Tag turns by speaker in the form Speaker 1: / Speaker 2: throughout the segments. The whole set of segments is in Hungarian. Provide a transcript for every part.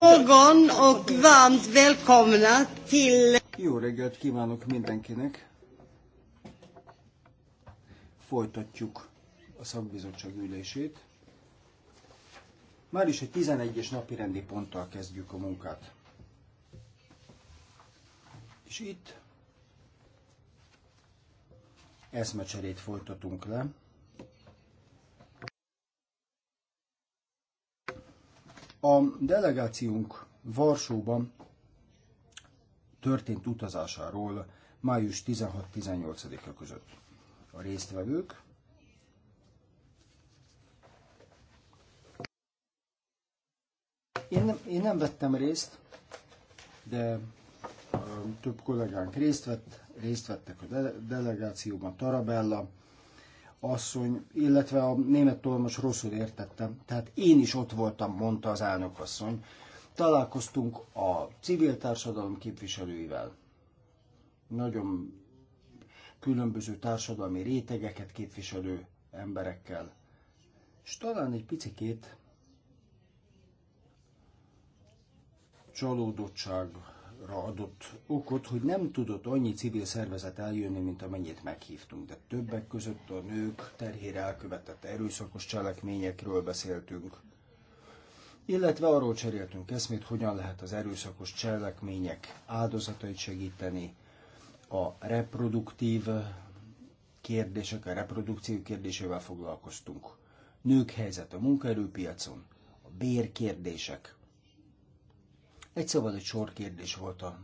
Speaker 1: morgon och varmt välkomna till... Jó reggelt kívánok mindenkinek! Folytatjuk a szakbizottság ülését. Már is egy 11-es napi rendi ponttal kezdjük a munkát. És itt eszmecserét folytatunk le. A delegációnk Varsóban történt utazásáról május 16-18-a között. A résztvevők Én nem, én nem vettem részt, de több kollégánk részt vett, részt vettek a delegációban, Tarabella asszony, illetve a német tolmos rosszul értettem. Tehát én is ott voltam, mondta az elnök asszony. Találkoztunk a civil társadalom képviselőivel. Nagyon különböző társadalmi rétegeket képviselő emberekkel. És talán egy picikét csalódottság arra adott okot, hogy nem tudott annyi civil szervezet eljönni, mint amennyit meghívtunk. De többek között a nők terhére elkövetett erőszakos cselekményekről beszéltünk, illetve arról cseréltünk eszmét, hogyan lehet az erőszakos cselekmények áldozatait segíteni, a reproduktív kérdések, a reprodukció kérdésével foglalkoztunk. Nők helyzet a munkaerőpiacon, a bérkérdések, egy szabad szóval egy sor kérdés volt a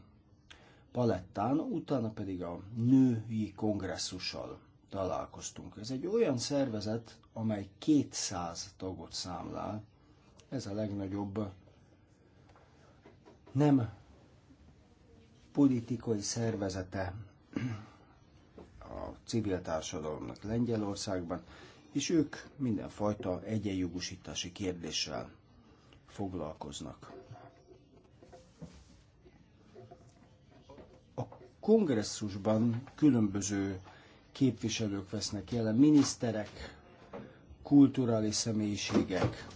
Speaker 1: palettán, utána pedig a női kongresszussal találkoztunk. Ez egy olyan szervezet, amely 200 tagot számlál. Ez a legnagyobb nem politikai szervezete a civil társadalomnak Lengyelországban, és ők mindenfajta egyenjogosítási kérdéssel foglalkoznak. kongresszusban különböző képviselők vesznek jelen, miniszterek, kulturális személyiségek,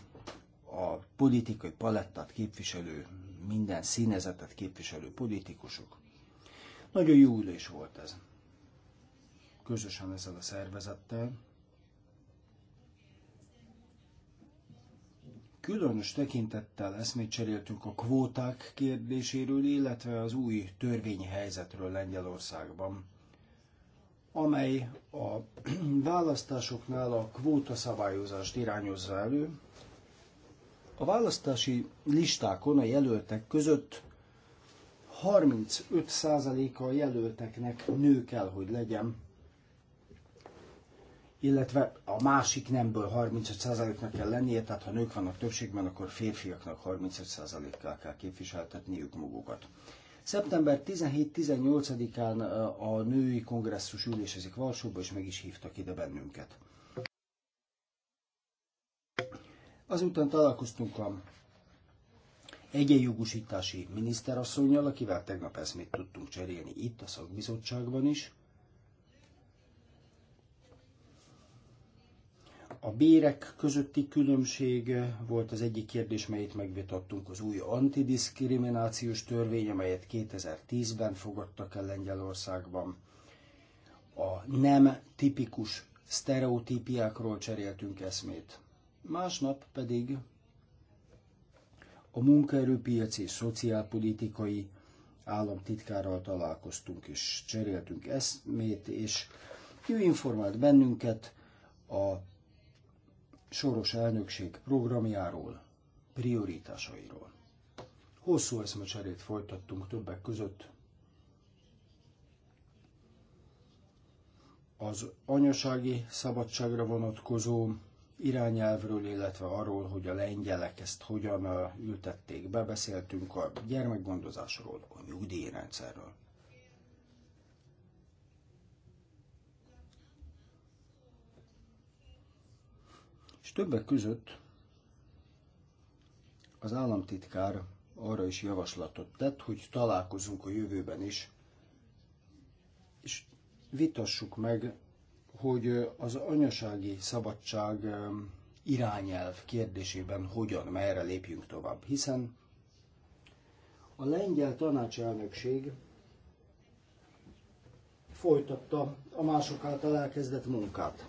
Speaker 1: a politikai palettát képviselő, minden színezetet képviselő politikusok. Nagyon jó ülés volt ez. Közösen ezzel a szervezettel, Különös tekintettel eszmét cseréltünk a kvóták kérdéséről, illetve az új törvényhelyzetről Lengyelországban, amely a választásoknál a kvóta szabályozást irányozza elő. A választási listákon a jelöltek között 35 a jelölteknek nő kell, hogy legyen, illetve a másik nemből 35%-nak kell lennie, tehát ha nők vannak többségben, akkor férfiaknak 35%-kal kell képviseltetniük magukat. Szeptember 17-18-án a női kongresszus ülésezik Varsóba, és meg is hívtak ide bennünket. Azután találkoztunk a egyenjogosítási miniszterasszonynal, akivel tegnap eszmét tudtunk cserélni itt a szakbizottságban is, a bérek közötti különbség volt az egyik kérdés, melyet megvitattunk. Az új antidiszkriminációs törvény, amelyet 2010-ben fogadtak el Lengyelországban. A nem tipikus sztereotípiákról cseréltünk eszmét. Másnap pedig a munkaerőpiaci és szociálpolitikai államtitkárral találkoztunk és cseréltünk eszmét, és ő informált bennünket a soros elnökség programjáról, prioritásairól. Hosszú eszmecserét folytattunk többek között az anyasági szabadságra vonatkozó irányelvről, illetve arról, hogy a lengyelek ezt hogyan ültették be, beszéltünk a gyermekgondozásról, a nyugdíjrendszerről. És többek között az államtitkár arra is javaslatot tett, hogy találkozunk a jövőben is, és vitassuk meg, hogy az anyasági szabadság irányelv kérdésében hogyan, merre lépjünk tovább. Hiszen a lengyel tanácselnökség folytatta a mások által elkezdett munkát.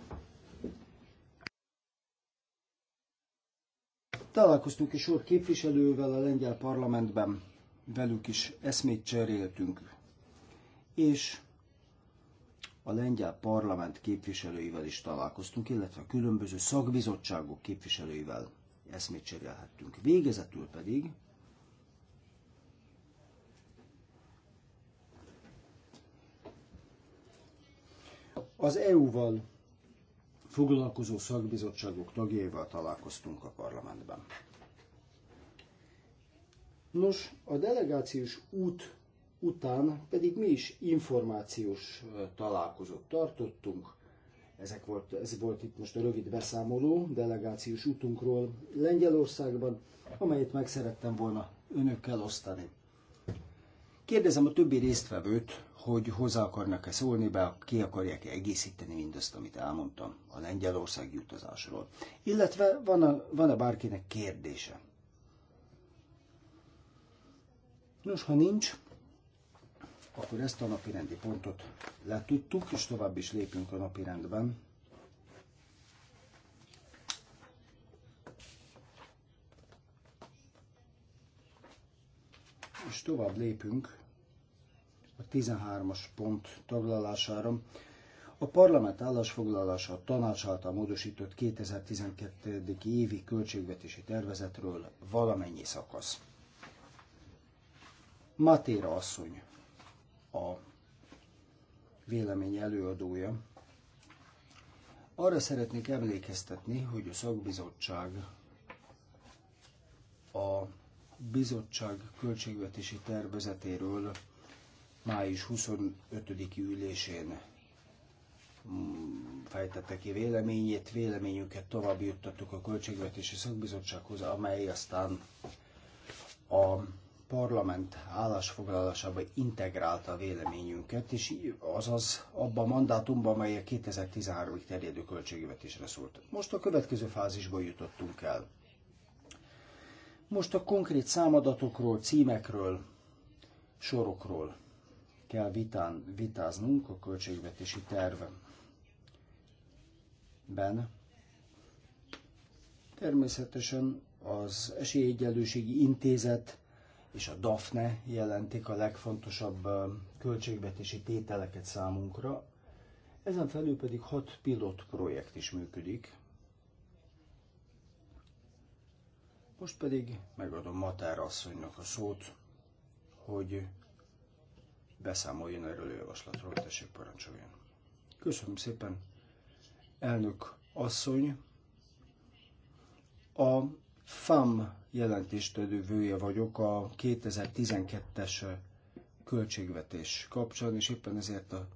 Speaker 1: Találkoztunk egy sor képviselővel a lengyel parlamentben, velük is eszmét cseréltünk, és a lengyel parlament képviselőivel is találkoztunk, illetve a különböző szakbizottságok képviselőivel eszmét cserélhettünk. Végezetül pedig az EU-val foglalkozó szakbizottságok tagjaival találkoztunk a parlamentben. Nos, a delegációs út után pedig mi is információs találkozót tartottunk. Ezek volt, ez volt itt most a rövid beszámoló delegációs útunkról Lengyelországban, amelyet meg szerettem volna önökkel osztani. Kérdezem a többi résztvevőt, hogy hozzá akarnak-e szólni, be, ki akarják -e egészíteni mindazt, amit elmondtam a Lengyelország utazásról. Illetve van-e, van-e bárkinek kérdése? Nos, ha nincs, akkor ezt a napirendi pontot letudtuk, és tovább is lépünk a napirendben. És tovább lépünk a 13-as pont taglalására. A parlament állásfoglalása a tanács által módosított 2012. évi költségvetési tervezetről valamennyi szakasz. Matéra asszony a vélemény előadója. Arra szeretnék emlékeztetni, hogy a szakbizottság a bizottság költségvetési tervezetéről május 25-i ülésén mm, fejtette ki véleményét, véleményünket tovább juttattuk a Költségvetési Szakbizottsághoz, amely aztán a parlament állásfoglalásába integrálta a véleményünket, és azaz abban a mandátumban, amely a 2013-ig terjedő költségvetésre szólt. Most a következő fázisban jutottunk el. Most a konkrét számadatokról, címekről, sorokról kell vitán, vitáznunk a költségvetési tervben. Természetesen az Esélyegyenlőségi Intézet és a DAFNE jelentik a legfontosabb költségvetési tételeket számunkra. Ezen felül pedig hat pilot projekt is működik. Most pedig megadom Matár asszonynak a szót, hogy beszámoljon erről a javaslatról, tessék parancsoljon. Köszönöm szépen, elnök asszony. A FAM jelentést vője vagyok a 2012-es költségvetés kapcsán, és éppen ezért a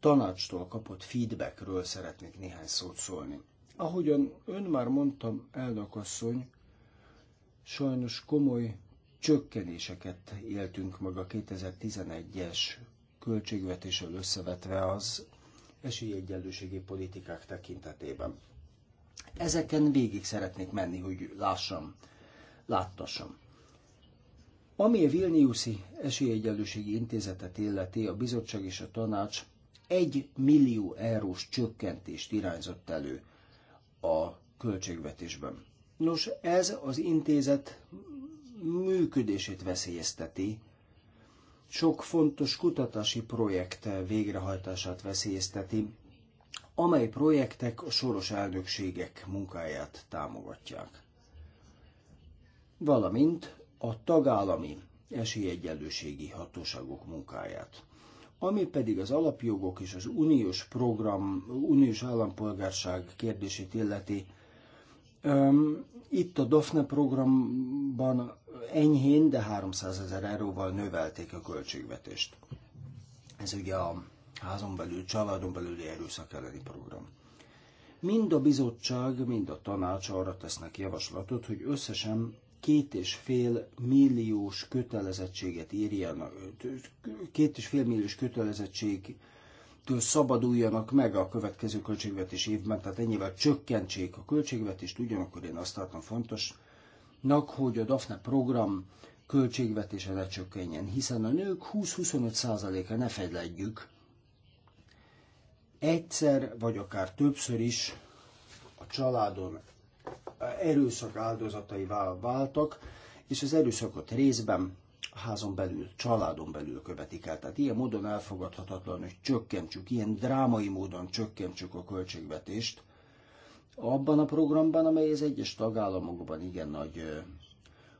Speaker 1: tanácstól kapott feedbackről szeretnék néhány szót szólni. Ahogyan ön már mondtam, elnök asszony, sajnos komoly csökkenéseket éltünk meg a 2011-es költségvetéssel összevetve az esélyegyenlőségi politikák tekintetében. Ezeken végig szeretnék menni, hogy lássam, láttassam. Ami a Vilniuszi Esélyegyenlőségi Intézetet illeti, a bizottság és a tanács 1 millió eurós csökkentést irányzott elő a költségvetésben. Nos, ez az intézet működését veszélyezteti, sok fontos kutatási projekt végrehajtását veszélyezteti, amely projektek a soros elnökségek munkáját támogatják. Valamint a tagállami esélyegyenlőségi hatóságok munkáját. Ami pedig az alapjogok és az uniós program, uniós állampolgárság kérdését illeti, itt a DAFNE programban enyhén, de 300 ezer euróval növelték a költségvetést. Ez ugye a házon belül, családon belüli erőszak elleni program. Mind a bizottság, mind a tanács arra tesznek javaslatot, hogy összesen két és fél milliós kötelezettséget írjanak, két és fél milliós kötelezettség szabaduljanak meg a következő költségvetés évben, tehát ennyivel csökkentsék a költségvetést, ugyanakkor én azt tartom fontos, nak, hogy a DAFNE program költségvetése ne csökkenjen, hiszen a nők 20-25%-a ne fedledjük. Egyszer, vagy akár többször is a családon erőszak áldozatai váltak, és az erőszakot részben a házon belül, családon belül követik el. Tehát ilyen módon elfogadhatatlan, hogy csökkentsük, ilyen drámai módon csökkentsük a költségvetést abban a programban, amely az egyes tagállamokban igen nagy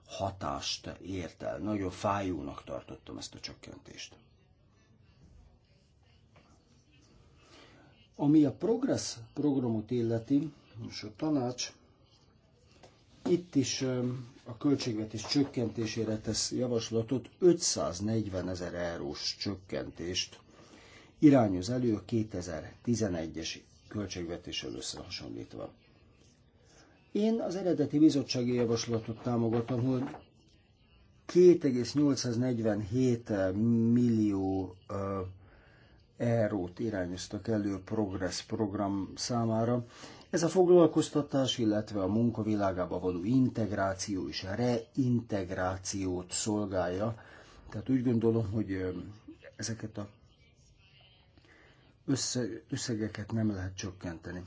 Speaker 1: hatást ért el. Nagyon fájónak tartottam ezt a csökkentést. Ami a Progress programot illeti, és a tanács, itt is a költségvetés csökkentésére tesz javaslatot, 540 ezer eurós csökkentést irányoz elő a 2011-es költségvetéssel összehasonlítva. Én az eredeti bizottsági javaslatot támogatom, hogy 2,847 eh, millió eh, eurót irányoztak elő Progress program számára. Ez a foglalkoztatás, illetve a munkavilágába való integráció és a reintegrációt szolgálja. Tehát úgy gondolom, hogy eh, ezeket a összegeket nem lehet csökkenteni.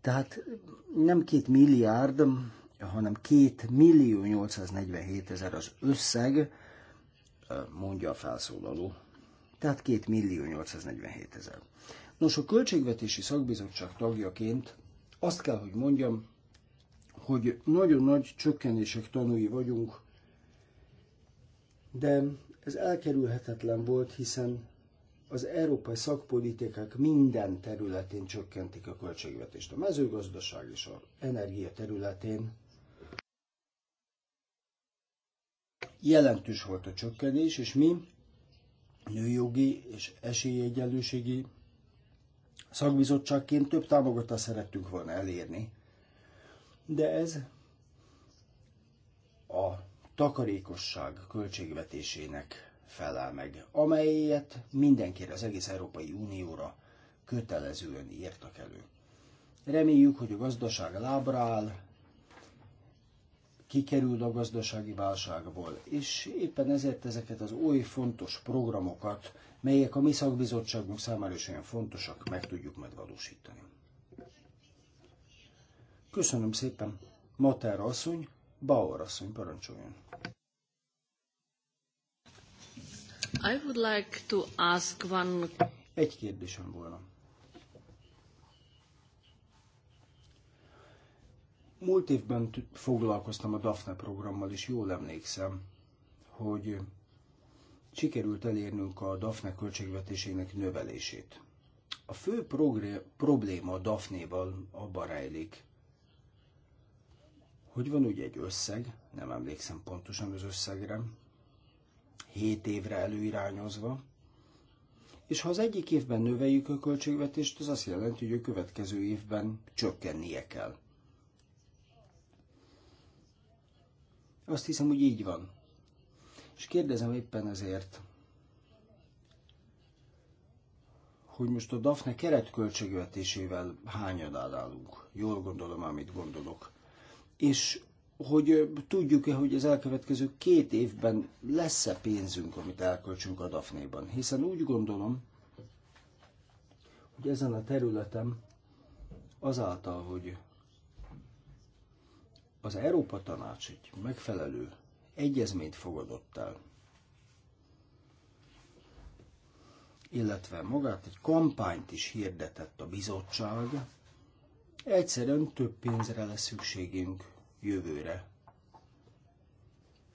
Speaker 1: Tehát nem két milliárd, hanem két millió 847 ezer az összeg, mondja a felszólaló. Tehát két millió 847 ezer. Nos, a Költségvetési Szakbizottság tagjaként azt kell, hogy mondjam, hogy nagyon nagy csökkenések tanúi vagyunk, de ez elkerülhetetlen volt, hiszen az európai szakpolitikák minden területén csökkentik a költségvetést. A mezőgazdaság és az energia területén jelentős volt a csökkenés, és mi nőjogi és esélyegyenlőségi szakbizottságként több támogatást szerettünk volna elérni. De ez a takarékosság költségvetésének felel meg, amelyet mindenkire, az egész Európai Unióra kötelezően írtak elő. Reméljük, hogy a gazdaság lábra áll, kikerül a gazdasági válságból, és éppen ezért ezeket az oly fontos programokat, melyek a mi szakbizottságunk számára is olyan fontosak, meg tudjuk majd valósítani. Köszönöm szépen! Mater asszony, Bauer asszony parancsoljon. I would like to ask one... Egy kérdésem volna. Múlt évben foglalkoztam a DAFNE programmal, és jól emlékszem, hogy sikerült elérnünk a DAFNE költségvetésének növelését. A fő probléma a DAFNE-val abban rejlik, hogy van ugye egy összeg, nem emlékszem pontosan az összegre, 7 évre előirányozva, és ha az egyik évben növeljük a költségvetést, az azt jelenti, hogy a következő évben csökkennie kell. Azt hiszem, hogy így van. És kérdezem éppen ezért, hogy most a DAFNE keretköltségvetésével hányadál állunk. Jól gondolom, amit gondolok. És hogy tudjuk-e, hogy az elkövetkező két évben lesz-e pénzünk, amit elköltsünk a Dafnéban. Hiszen úgy gondolom, hogy ezen a területen azáltal, hogy az Európa Tanács egy megfelelő egyezményt fogadott el, illetve magát egy kampányt is hirdetett a bizottság, egyszerűen több pénzre lesz szükségünk jövőre,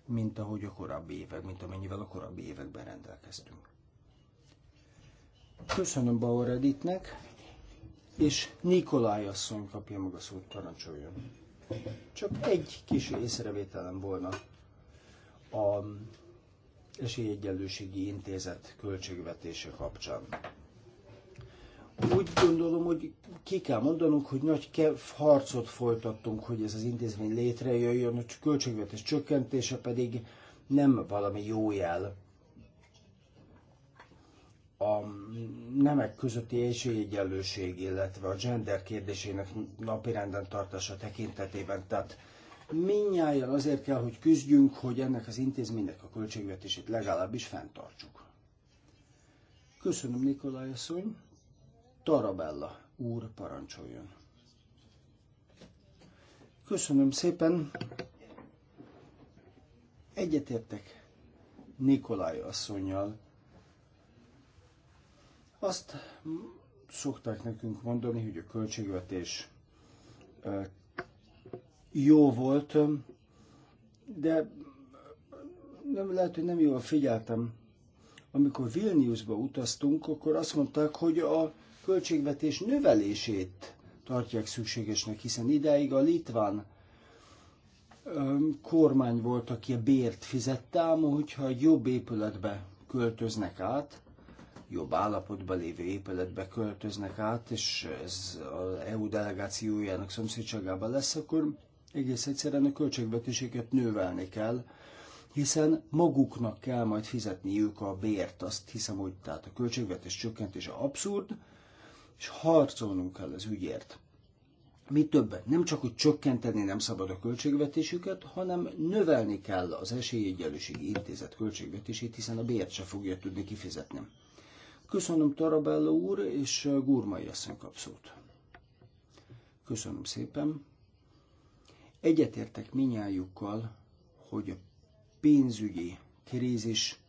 Speaker 1: mint ahogy a korábbi évek, mint amennyivel a korábbi években rendelkeztünk. Köszönöm Bauer Editnek, és Nikolaj asszony kapja maga szót, parancsoljon. Csak egy kis észrevételem volna a Esélyegyenlőségi Intézet költségvetése kapcsán úgy gondolom, hogy ki kell mondanunk, hogy nagy harcot folytattunk, hogy ez az intézmény létrejöjjön, a költségvetés csökkentése pedig nem valami jó jel. A nemek közötti esélyegyenlőség, illetve a gender kérdésének napirenden tartása tekintetében. Tehát minnyáján azért kell, hogy küzdjünk, hogy ennek az intézménynek a költségvetését legalábbis fenntartsuk. Köszönöm, Nikolaj asszony! Tarabella úr parancsoljon. Köszönöm szépen. Egyetértek Nikolaj asszonyjal. Azt szokták nekünk mondani, hogy a költségvetés jó volt, de nem lehet, hogy nem jól figyeltem. Amikor Vilniusba utaztunk, akkor azt mondták, hogy a költségvetés növelését tartják szükségesnek, hiszen ideig a litván kormány volt, aki a bért fizette, ám hogyha egy jobb épületbe költöznek át, jobb állapotban lévő épületbe költöznek át, és ez az EU delegációjának szomszédságában lesz, akkor egész egyszerűen a költségvetéseket növelni kell, hiszen maguknak kell majd fizetniük a bért, azt hiszem, hogy tehát a költségvetés csökkentése abszurd, és harcolnunk kell az ügyért. Mi többet, nem csak, hogy csökkenteni nem szabad a költségvetésüket, hanem növelni kell az esélyegyelőségi intézet költségvetését, hiszen a bért se fogja tudni kifizetni. Köszönöm Tarabella úr és uh, Gurmai asszony kapszót. Köszönöm szépen. Egyetértek minnyájukkal, hogy a pénzügyi krízis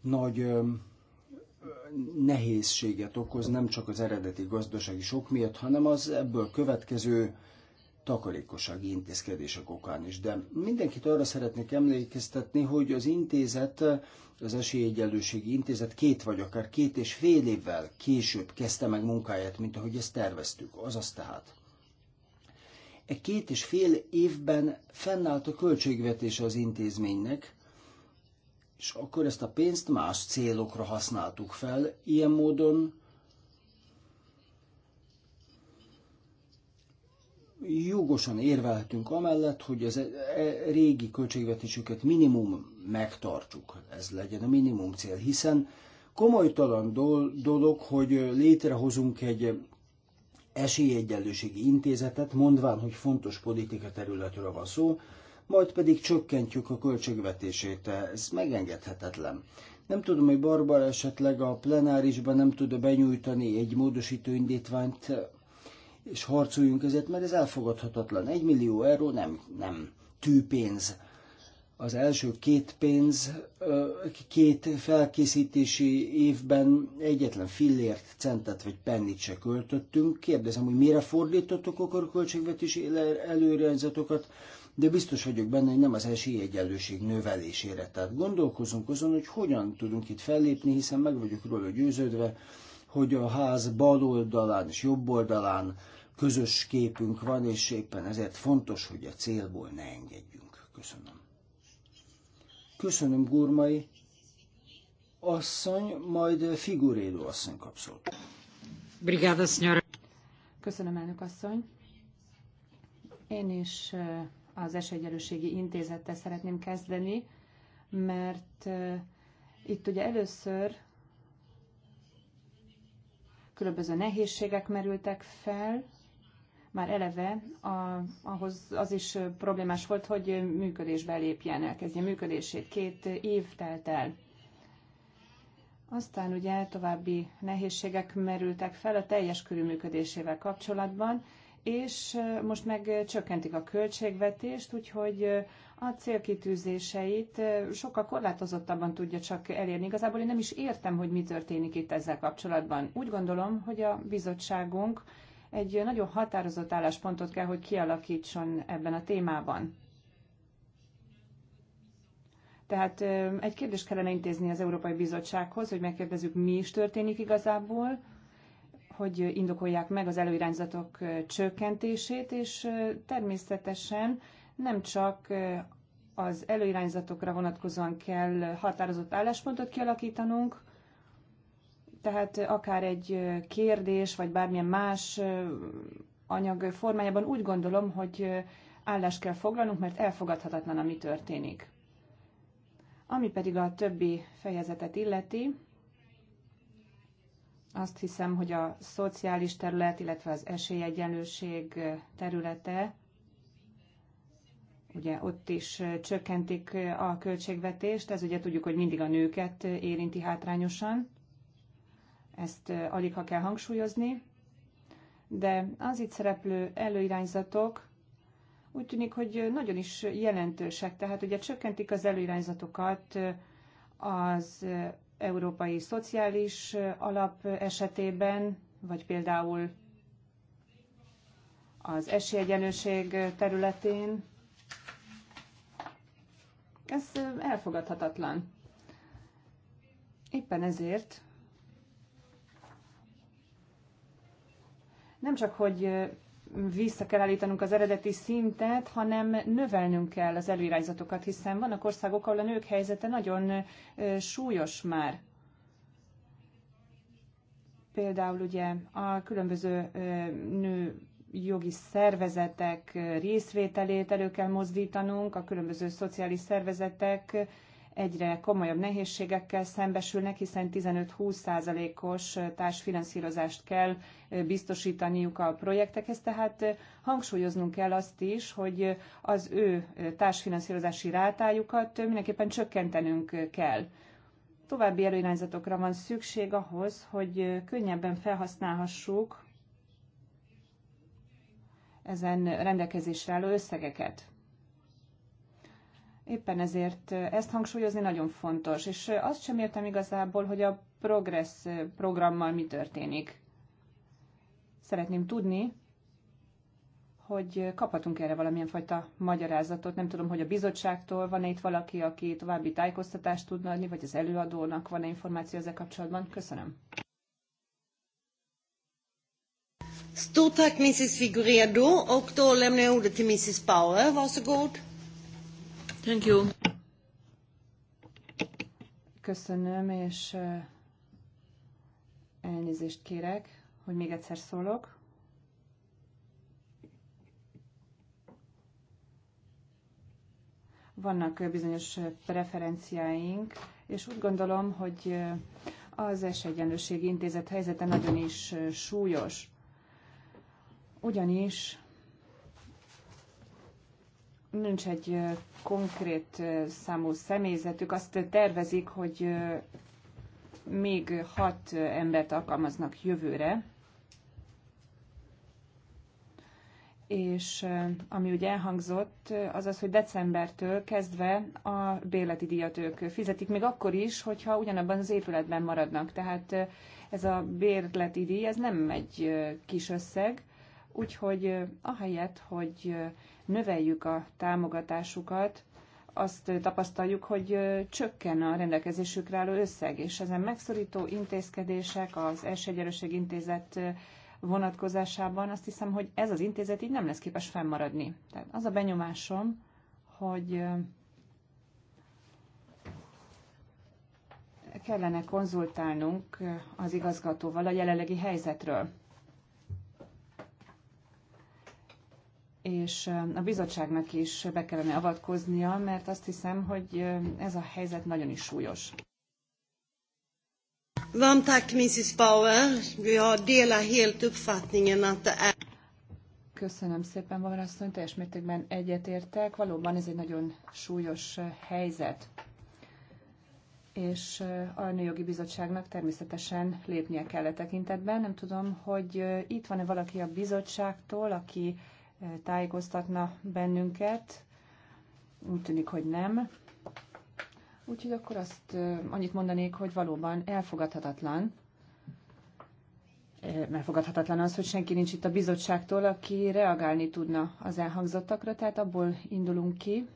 Speaker 1: nagy um, nehézséget okoz nem csak az eredeti gazdasági sok miatt, hanem az ebből következő takarékossági intézkedések okán is. De mindenkit arra szeretnék emlékeztetni, hogy az intézet, az Esélyegyenlőségi Intézet két vagy akár két és fél évvel később kezdte meg munkáját, mint ahogy ezt terveztük. Azaz tehát. E két és fél évben fennállt a költségvetése az intézménynek, és akkor ezt a pénzt más célokra használtuk fel. Ilyen módon jogosan érvelhetünk amellett, hogy az e, régi költségvetésüket minimum megtartsuk. Ez legyen a minimum cél, hiszen komolytalan dolog, hogy létrehozunk egy esélyegyenlőségi intézetet, mondván, hogy fontos politika területről van szó, majd pedig csökkentjük a költségvetését. Ez megengedhetetlen. Nem tudom, hogy Barbara esetleg a plenárisban nem tud benyújtani egy módosító indítványt, és harcoljunk ezért, mert ez elfogadhatatlan. Egy millió euró nem, nem tűpénz. Az első két pénz, két felkészítési évben egyetlen fillért, centet vagy pennit se költöttünk. Kérdezem, hogy mire fordítottuk akkor a költségvetési előrejelzetokat? de biztos vagyok benne, hogy nem az esélyegyenlőség növelésére. Tehát gondolkozunk azon, hogy hogyan tudunk itt fellépni, hiszen meg vagyok róla győződve, hogy a ház bal oldalán és jobb oldalán közös képünk van, és éppen ezért fontos, hogy a célból ne engedjünk. Köszönöm. Köszönöm, Gurmai asszony, majd Figurédó asszony kap szót.
Speaker 2: Brigáda, Köszönöm, elnök asszony. Én is eh, az Esélyegyelőségi Intézettel szeretném kezdeni, mert itt ugye először különböző nehézségek merültek fel, már eleve a, ahhoz az is problémás volt, hogy működésbe lépjen, elkezdje működését. Két év telt el. Aztán ugye további nehézségek merültek fel a teljes körű működésével kapcsolatban, és most meg csökkentik a költségvetést, úgyhogy a célkitűzéseit sokkal korlátozottabban tudja csak elérni. Igazából én nem is értem, hogy mi történik itt ezzel kapcsolatban. Úgy gondolom, hogy a bizottságunk egy nagyon határozott álláspontot kell, hogy kialakítson ebben a témában. Tehát egy kérdést kellene intézni az Európai Bizottsághoz, hogy megkérdezzük, mi is történik igazából, hogy indokolják meg az előirányzatok csökkentését, és természetesen nem csak az előirányzatokra vonatkozóan kell határozott álláspontot kialakítanunk, tehát akár egy kérdés, vagy bármilyen más anyag formájában úgy gondolom, hogy állást kell foglalnunk, mert elfogadhatatlan, ami történik. Ami pedig a többi fejezetet illeti, azt hiszem, hogy a szociális terület, illetve az esélyegyenlőség területe, ugye ott is csökkentik a költségvetést, ez ugye tudjuk, hogy mindig a nőket érinti hátrányosan, ezt alig ha kell hangsúlyozni, de az itt szereplő előirányzatok úgy tűnik, hogy nagyon is jelentősek, tehát ugye csökkentik az előirányzatokat az európai szociális alap esetében, vagy például az esélyegyenlőség területén. Ez elfogadhatatlan. Éppen ezért nem csak, hogy vissza kell állítanunk az eredeti szintet, hanem növelnünk kell az előirányzatokat, hiszen vannak országok, ahol a nők helyzete nagyon súlyos már. Például ugye a különböző nő jogi szervezetek részvételét elő kell mozdítanunk, a különböző szociális szervezetek egyre komolyabb nehézségekkel szembesülnek, hiszen 15-20 százalékos társfinanszírozást kell biztosítaniuk a projektekhez, tehát hangsúlyoznunk kell azt is, hogy az ő társfinanszírozási rátájukat mindenképpen csökkentenünk kell. További előirányzatokra van szükség ahhoz, hogy könnyebben felhasználhassuk ezen rendelkezésre álló összegeket. Éppen ezért ezt hangsúlyozni nagyon fontos, és azt sem értem igazából, hogy a Progress programmal mi történik. Szeretném tudni, hogy kaphatunk erre valamilyen fajta magyarázatot. Nem tudom, hogy a bizottságtól van-e itt valaki, aki további tájékoztatást tudna adni, vagy az előadónak van-e információ ezzel kapcsolatban. Köszönöm.
Speaker 3: Stort tack Mrs
Speaker 2: Figueredo, och då lämnar jag ordet till Mrs Bauer. Varsågod. Thank you. Köszönöm, és elnézést kérek, hogy még egyszer szólok. Vannak bizonyos preferenciáink, és úgy gondolom, hogy az esélyegyenlőségi intézet helyzete nagyon is súlyos. Ugyanis nincs egy konkrét számú személyzetük, azt tervezik, hogy még hat embert alkalmaznak jövőre, és ami ugye elhangzott, az az, hogy decembertől kezdve a bérleti díjat ők fizetik, még akkor is, hogyha ugyanabban az épületben maradnak. Tehát ez a bérleti díj, ez nem egy kis összeg, úgyhogy ahelyett, hogy növeljük a támogatásukat, azt tapasztaljuk, hogy csökken a rendelkezésükre álló összeg, és ezen megszorító intézkedések az Esélyegyenlőség Intézet vonatkozásában azt hiszem, hogy ez az intézet így nem lesz képes fennmaradni. Tehát az a benyomásom, hogy kellene konzultálnunk az igazgatóval a jelenlegi helyzetről. és a bizottságnak is be kellene avatkoznia, mert azt hiszem, hogy ez a helyzet nagyon is súlyos. Van, tack, Mrs. Bauer. Jag delar helt uppfattningen att det är... Köszönöm szépen, Bauer asszony, teljes mértékben egyetértek. Valóban ez egy nagyon súlyos helyzet. És a Nőjogi Bizottságnak természetesen lépnie kell a e tekintetben. Nem tudom, hogy itt van-e valaki a bizottságtól, aki tájékoztatna bennünket. Úgy tűnik, hogy nem. Úgyhogy akkor azt annyit mondanék, hogy valóban elfogadhatatlan, elfogadhatatlan az, hogy senki nincs itt a bizottságtól, aki reagálni tudna az elhangzottakra, tehát abból indulunk ki,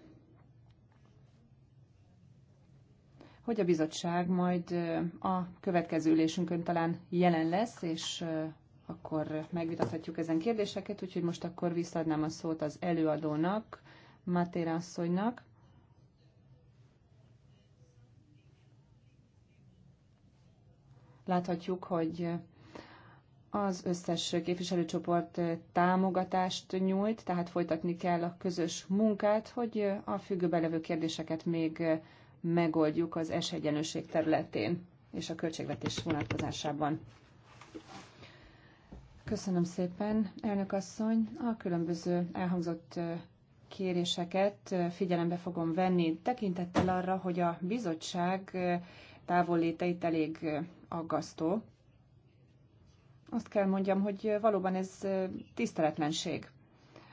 Speaker 2: hogy a bizottság majd a következő ülésünkön talán jelen lesz, és akkor megvitathatjuk ezen kérdéseket, úgyhogy most akkor visszaadnám a szót az előadónak, Matéra asszonynak. Láthatjuk, hogy az összes képviselőcsoport támogatást nyújt, tehát folytatni kell a közös munkát, hogy a függőbe levő kérdéseket még megoldjuk az esélyegyenlőség területén és a költségvetés vonatkozásában. Köszönöm szépen, elnök asszony. A különböző elhangzott kéréseket figyelembe fogom venni, tekintettel arra, hogy a bizottság távolléte itt elég aggasztó. Azt kell mondjam, hogy valóban ez tiszteletlenség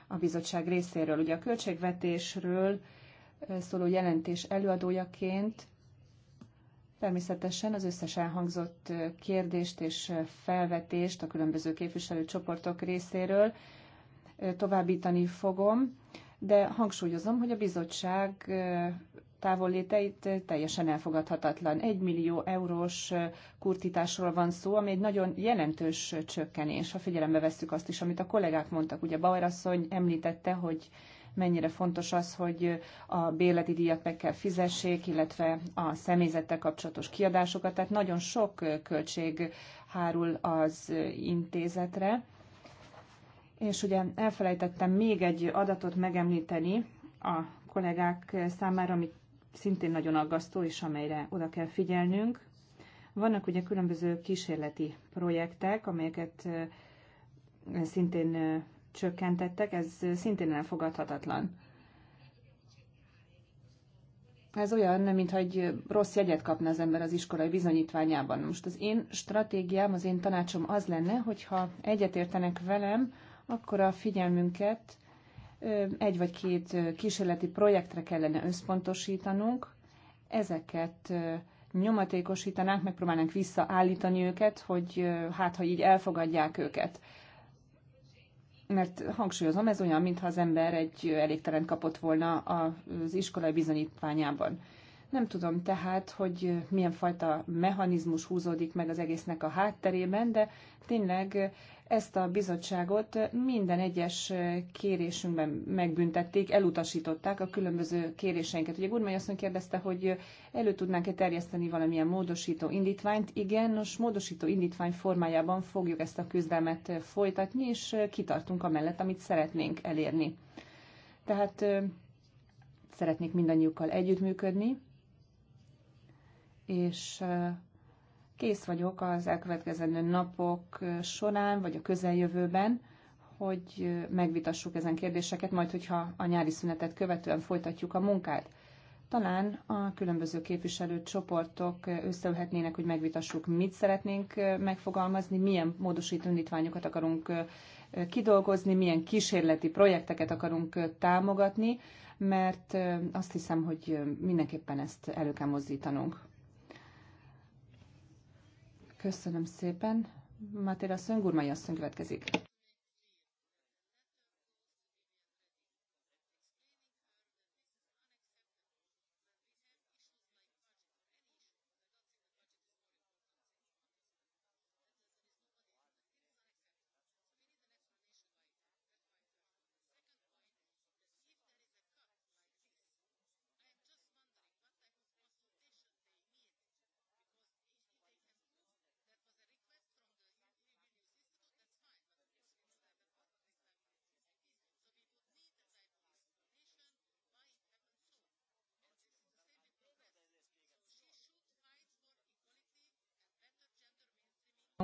Speaker 2: a bizottság részéről. Ugye a költségvetésről szóló jelentés előadójaként Természetesen az összes elhangzott kérdést és felvetést a különböző képviselőcsoportok részéről továbbítani fogom, de hangsúlyozom, hogy a bizottság távolléteit teljesen elfogadhatatlan. Egy millió eurós kurtításról van szó, ami egy nagyon jelentős csökkenés, ha figyelembe vesszük azt is, amit a kollégák mondtak. Ugye Bauer asszony említette, hogy mennyire fontos az, hogy a béleti díjat meg kell fizessék, illetve a személyzettel kapcsolatos kiadásokat. Tehát nagyon sok költség hárul az intézetre. És ugye elfelejtettem még egy adatot megemlíteni a kollégák számára, ami szintén nagyon aggasztó, és amelyre oda kell figyelnünk. Vannak ugye különböző kísérleti projektek, amelyeket eh, szintén eh, csökkentettek, ez szintén elfogadhatatlan. Ez olyan, mintha egy rossz jegyet kapna az ember az iskolai bizonyítványában. Most az én stratégiám, az én tanácsom az lenne, hogyha egyetértenek velem, akkor a figyelmünket egy vagy két kísérleti projektre kellene összpontosítanunk, ezeket nyomatékosítanánk, megpróbálnánk visszaállítani őket, hogy hát, ha így elfogadják őket mert hangsúlyozom, ez olyan, mintha az ember egy elégtelen kapott volna az iskolai bizonyítványában. Nem tudom tehát, hogy milyen fajta mechanizmus húzódik meg az egésznek a hátterében, de tényleg ezt a bizottságot minden egyes kérésünkben megbüntették, elutasították a különböző kéréseinket. Ugye Gurmai azt kérdezte, hogy elő tudnánk-e terjeszteni valamilyen módosító indítványt. Igen, nos, módosító indítvány formájában fogjuk ezt a küzdelmet folytatni, és kitartunk amellett, amit szeretnénk elérni. Tehát szeretnék mindannyiukkal együttműködni, és Kész vagyok az elkövetkezendő napok során, vagy a közeljövőben, hogy megvitassuk ezen kérdéseket, majd hogyha a nyári szünetet követően folytatjuk a munkát. Talán a különböző képviselőcsoportok összeülhetnének, hogy megvitassuk, mit szeretnénk megfogalmazni, milyen módosító indítványokat akarunk kidolgozni, milyen kísérleti projekteket akarunk támogatni, mert azt hiszem, hogy mindenképpen ezt elő kell mozdítanunk. Köszönöm szépen. Matéra Szöngurmai asszony következik.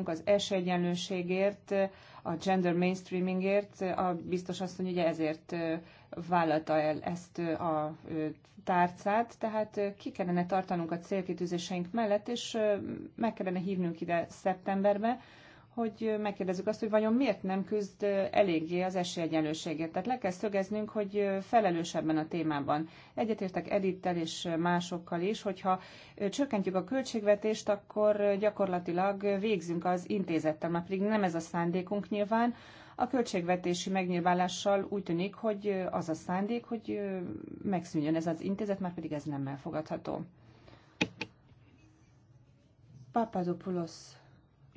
Speaker 2: az esélyegyenlőségért, a gender mainstreamingért, a biztos asszony ugye ezért vállalta el ezt a tárcát, tehát ki kellene tartanunk a célkitűzéseink mellett, és meg kellene hívnunk ide szeptemberbe, hogy megkérdezzük azt, hogy vajon miért nem küzd eléggé az esélyegyenlőségért. Tehát le kell szögeznünk, hogy felelősebben a témában. Egyetértek Edittel és másokkal is, hogyha csökkentjük a költségvetést, akkor gyakorlatilag végzünk az intézettel, mert pedig nem ez a szándékunk nyilván. A költségvetési megnyilvánlással úgy tűnik, hogy az a szándék, hogy megszűnjön ez az intézet, már pedig ez nem elfogadható. Papadopoulos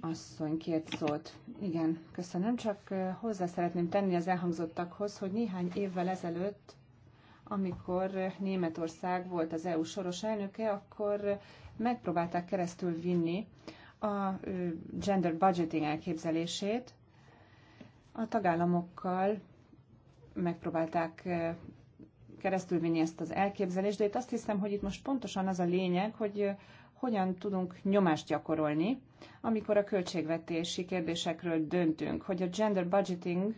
Speaker 2: asszony két szót. Igen, köszönöm. Csak hozzá szeretném tenni az elhangzottakhoz, hogy néhány évvel ezelőtt, amikor Németország volt az EU soros elnöke, akkor megpróbálták keresztül vinni a gender budgeting elképzelését. A tagállamokkal megpróbálták keresztül vinni ezt az elképzelést, de itt azt hiszem, hogy itt most pontosan az a lényeg, hogy hogyan tudunk nyomást gyakorolni, amikor a költségvetési kérdésekről döntünk, hogy a gender budgeting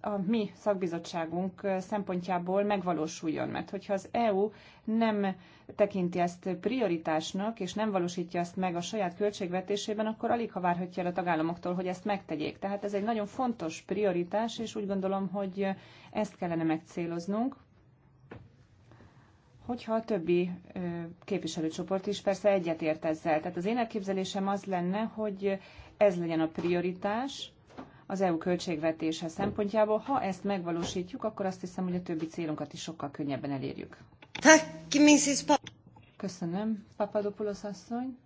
Speaker 2: a mi szakbizottságunk szempontjából megvalósuljon. Mert hogyha az EU nem tekinti ezt prioritásnak, és nem valósítja ezt meg a saját költségvetésében, akkor alig ha várhatja el a tagállamoktól, hogy ezt megtegyék. Tehát ez egy nagyon fontos prioritás, és úgy gondolom, hogy ezt kellene megcéloznunk hogyha a többi képviselőcsoport is persze egyetért ezzel. Tehát az én elképzelésem az lenne, hogy ez legyen a prioritás az EU költségvetése szempontjából. Ha ezt megvalósítjuk, akkor azt hiszem, hogy a többi célunkat is sokkal könnyebben elérjük. Köszönöm, Papadopoulos asszony.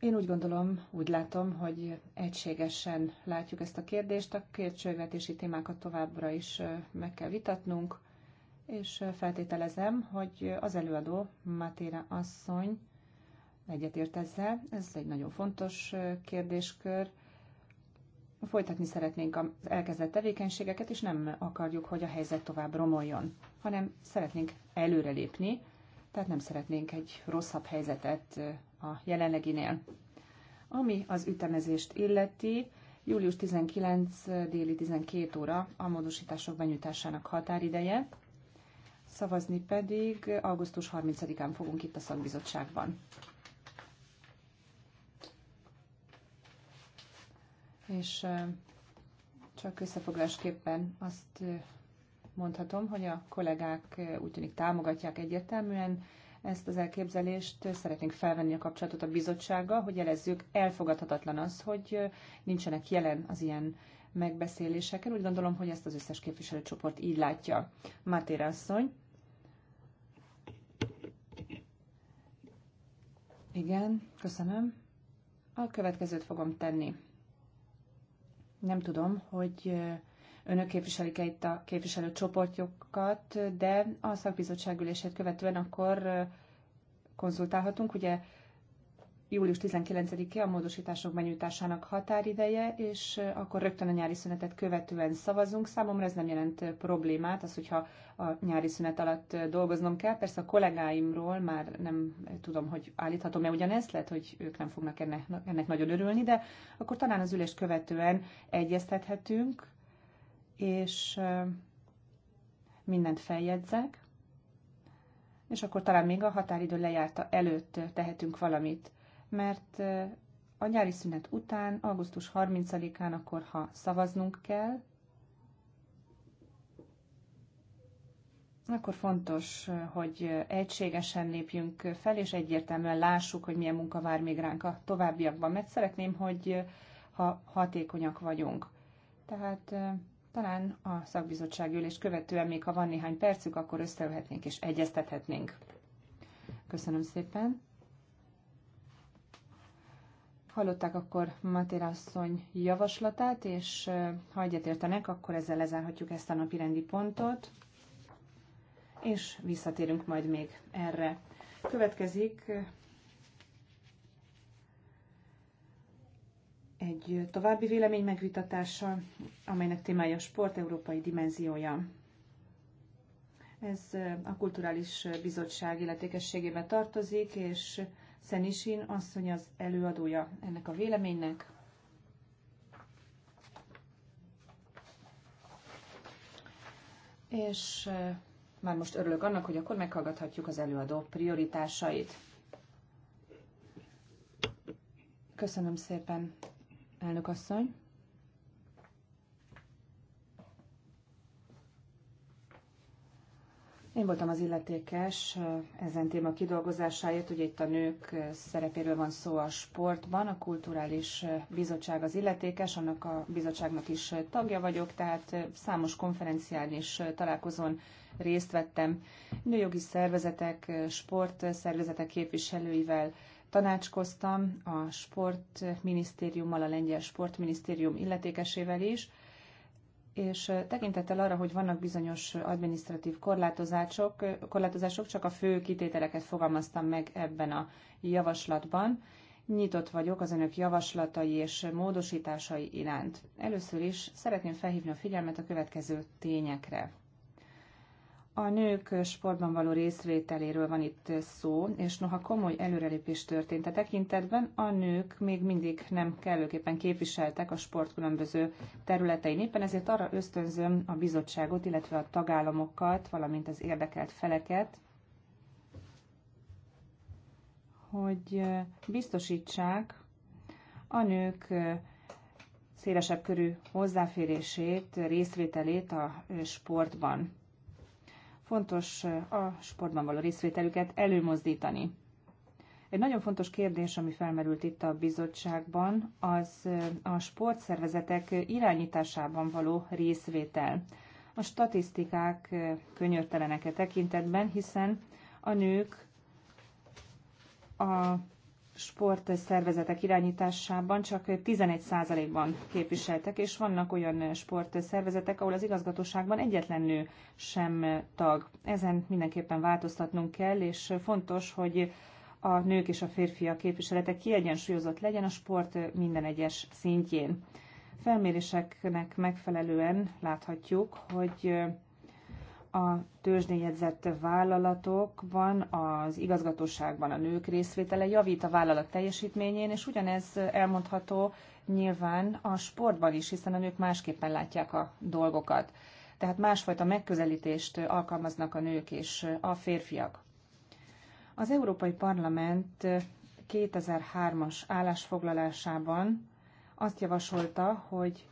Speaker 2: Én úgy gondolom, úgy látom, hogy egységesen látjuk ezt a kérdést, a kértségvetési témákat továbbra is meg kell vitatnunk, és feltételezem, hogy az előadó, Matéra asszony, egyetért ezzel. Ez egy nagyon fontos kérdéskör. Folytatni szeretnénk az elkezdett tevékenységeket, és nem akarjuk, hogy a helyzet tovább romoljon, hanem szeretnénk előrelépni, tehát nem szeretnénk egy rosszabb helyzetet a jelenleginél. Ami az ütemezést illeti, július 19 déli 12 óra a módosítások benyújtásának határideje, szavazni pedig augusztus 30-án fogunk itt a szakbizottságban. És csak összefoglásképpen azt mondhatom, hogy a kollégák úgy tűnik támogatják egyértelműen ezt az elképzelést, szeretnénk felvenni a kapcsolatot a bizottsággal, hogy jelezzük, elfogadhatatlan az, hogy nincsenek jelen az ilyen megbeszéléseken. Úgy gondolom, hogy ezt az összes képviselőcsoport így látja. Máté asszony. Igen, köszönöm. A következőt fogom tenni. Nem tudom, hogy Önök képviselik -e itt a képviselőcsoportjukat, de a szakbizottság ülését követően akkor konzultálhatunk. Ugye július 19-e a módosítások benyújtásának határideje, és akkor rögtön a nyári szünetet követően szavazunk. Számomra ez nem jelent problémát, az, hogyha a nyári szünet alatt dolgoznom kell. Persze a kollégáimról már nem tudom, hogy állíthatom-e ugyanezt, lehet, hogy ők nem fognak ennek, ennek nagyon örülni, de akkor talán az ülést követően egyeztethetünk, és mindent feljegyzek, és akkor talán még a határidő lejárta előtt tehetünk valamit, mert a nyári szünet után, augusztus 30-án, akkor ha szavaznunk kell, akkor fontos, hogy egységesen lépjünk fel, és egyértelműen lássuk, hogy milyen munka vár még ránk a továbbiakban, mert szeretném, hogy ha hatékonyak vagyunk. Tehát talán a szakbizottság ülés követően, még ha van néhány percük, akkor összeülhetnénk és egyeztethetnénk. Köszönöm szépen. Hallották akkor Matéra asszony javaslatát, és ha egyetértenek, akkor ezzel lezárhatjuk ezt a napi rendi pontot, és visszatérünk majd még erre. Következik egy további vélemény megvitatása, amelynek témája a sport európai dimenziója. Ez a Kulturális Bizottság illetékességében tartozik, és Szenisin asszony az előadója ennek a véleménynek. És már most örülök annak, hogy akkor meghallgathatjuk az előadó prioritásait. Köszönöm szépen, elnök asszony. Én voltam az illetékes ezen téma kidolgozásáért, ugye itt a nők szerepéről van szó a sportban, a Kulturális Bizottság az illetékes, annak a bizottságnak is tagja vagyok, tehát számos konferencián és találkozón részt vettem nőjogi szervezetek, sportszervezetek képviselőivel, Tanácskoztam a sportminisztériummal, a lengyel sportminisztérium illetékesével is, és tekintettel arra, hogy vannak bizonyos administratív korlátozások, korlátozások, csak a fő kitételeket fogalmaztam meg ebben a javaslatban. Nyitott vagyok az önök javaslatai és módosításai iránt. Először is szeretném felhívni a figyelmet a következő tényekre. A nők sportban való részvételéről van itt szó, és noha komoly előrelépés történt a tekintetben, a nők még mindig nem kellőképpen képviseltek a sport különböző területein. Éppen ezért arra ösztönzöm a bizottságot, illetve a tagállamokat, valamint az érdekelt feleket, hogy biztosítsák a nők szélesebb körű hozzáférését, részvételét a sportban fontos eh, a sportban való részvételüket előmozdítani. Egy nagyon fontos kérdés, ami felmerült itt a bizottságban, az eh, a sportszervezetek irányításában való részvétel. A statisztikák eh, könyörtelenek e tekintetben, hiszen a nők a sportszervezetek irányításában csak 11%-ban képviseltek, és vannak olyan sportszervezetek, ahol az igazgatóságban egyetlen nő sem tag. Ezen mindenképpen változtatnunk kell, és fontos, hogy a nők és a férfiak képviselete kiegyensúlyozott legyen a sport minden egyes szintjén. Felméréseknek megfelelően láthatjuk, hogy a tőzsdényedzett vállalatokban, az igazgatóságban a nők részvétele javít a vállalat teljesítményén, és ugyanez elmondható nyilván a sportban is, hiszen a nők másképpen látják a dolgokat. Tehát másfajta megközelítést alkalmaznak a nők és a férfiak. Az Európai Parlament 2003-as állásfoglalásában azt javasolta, hogy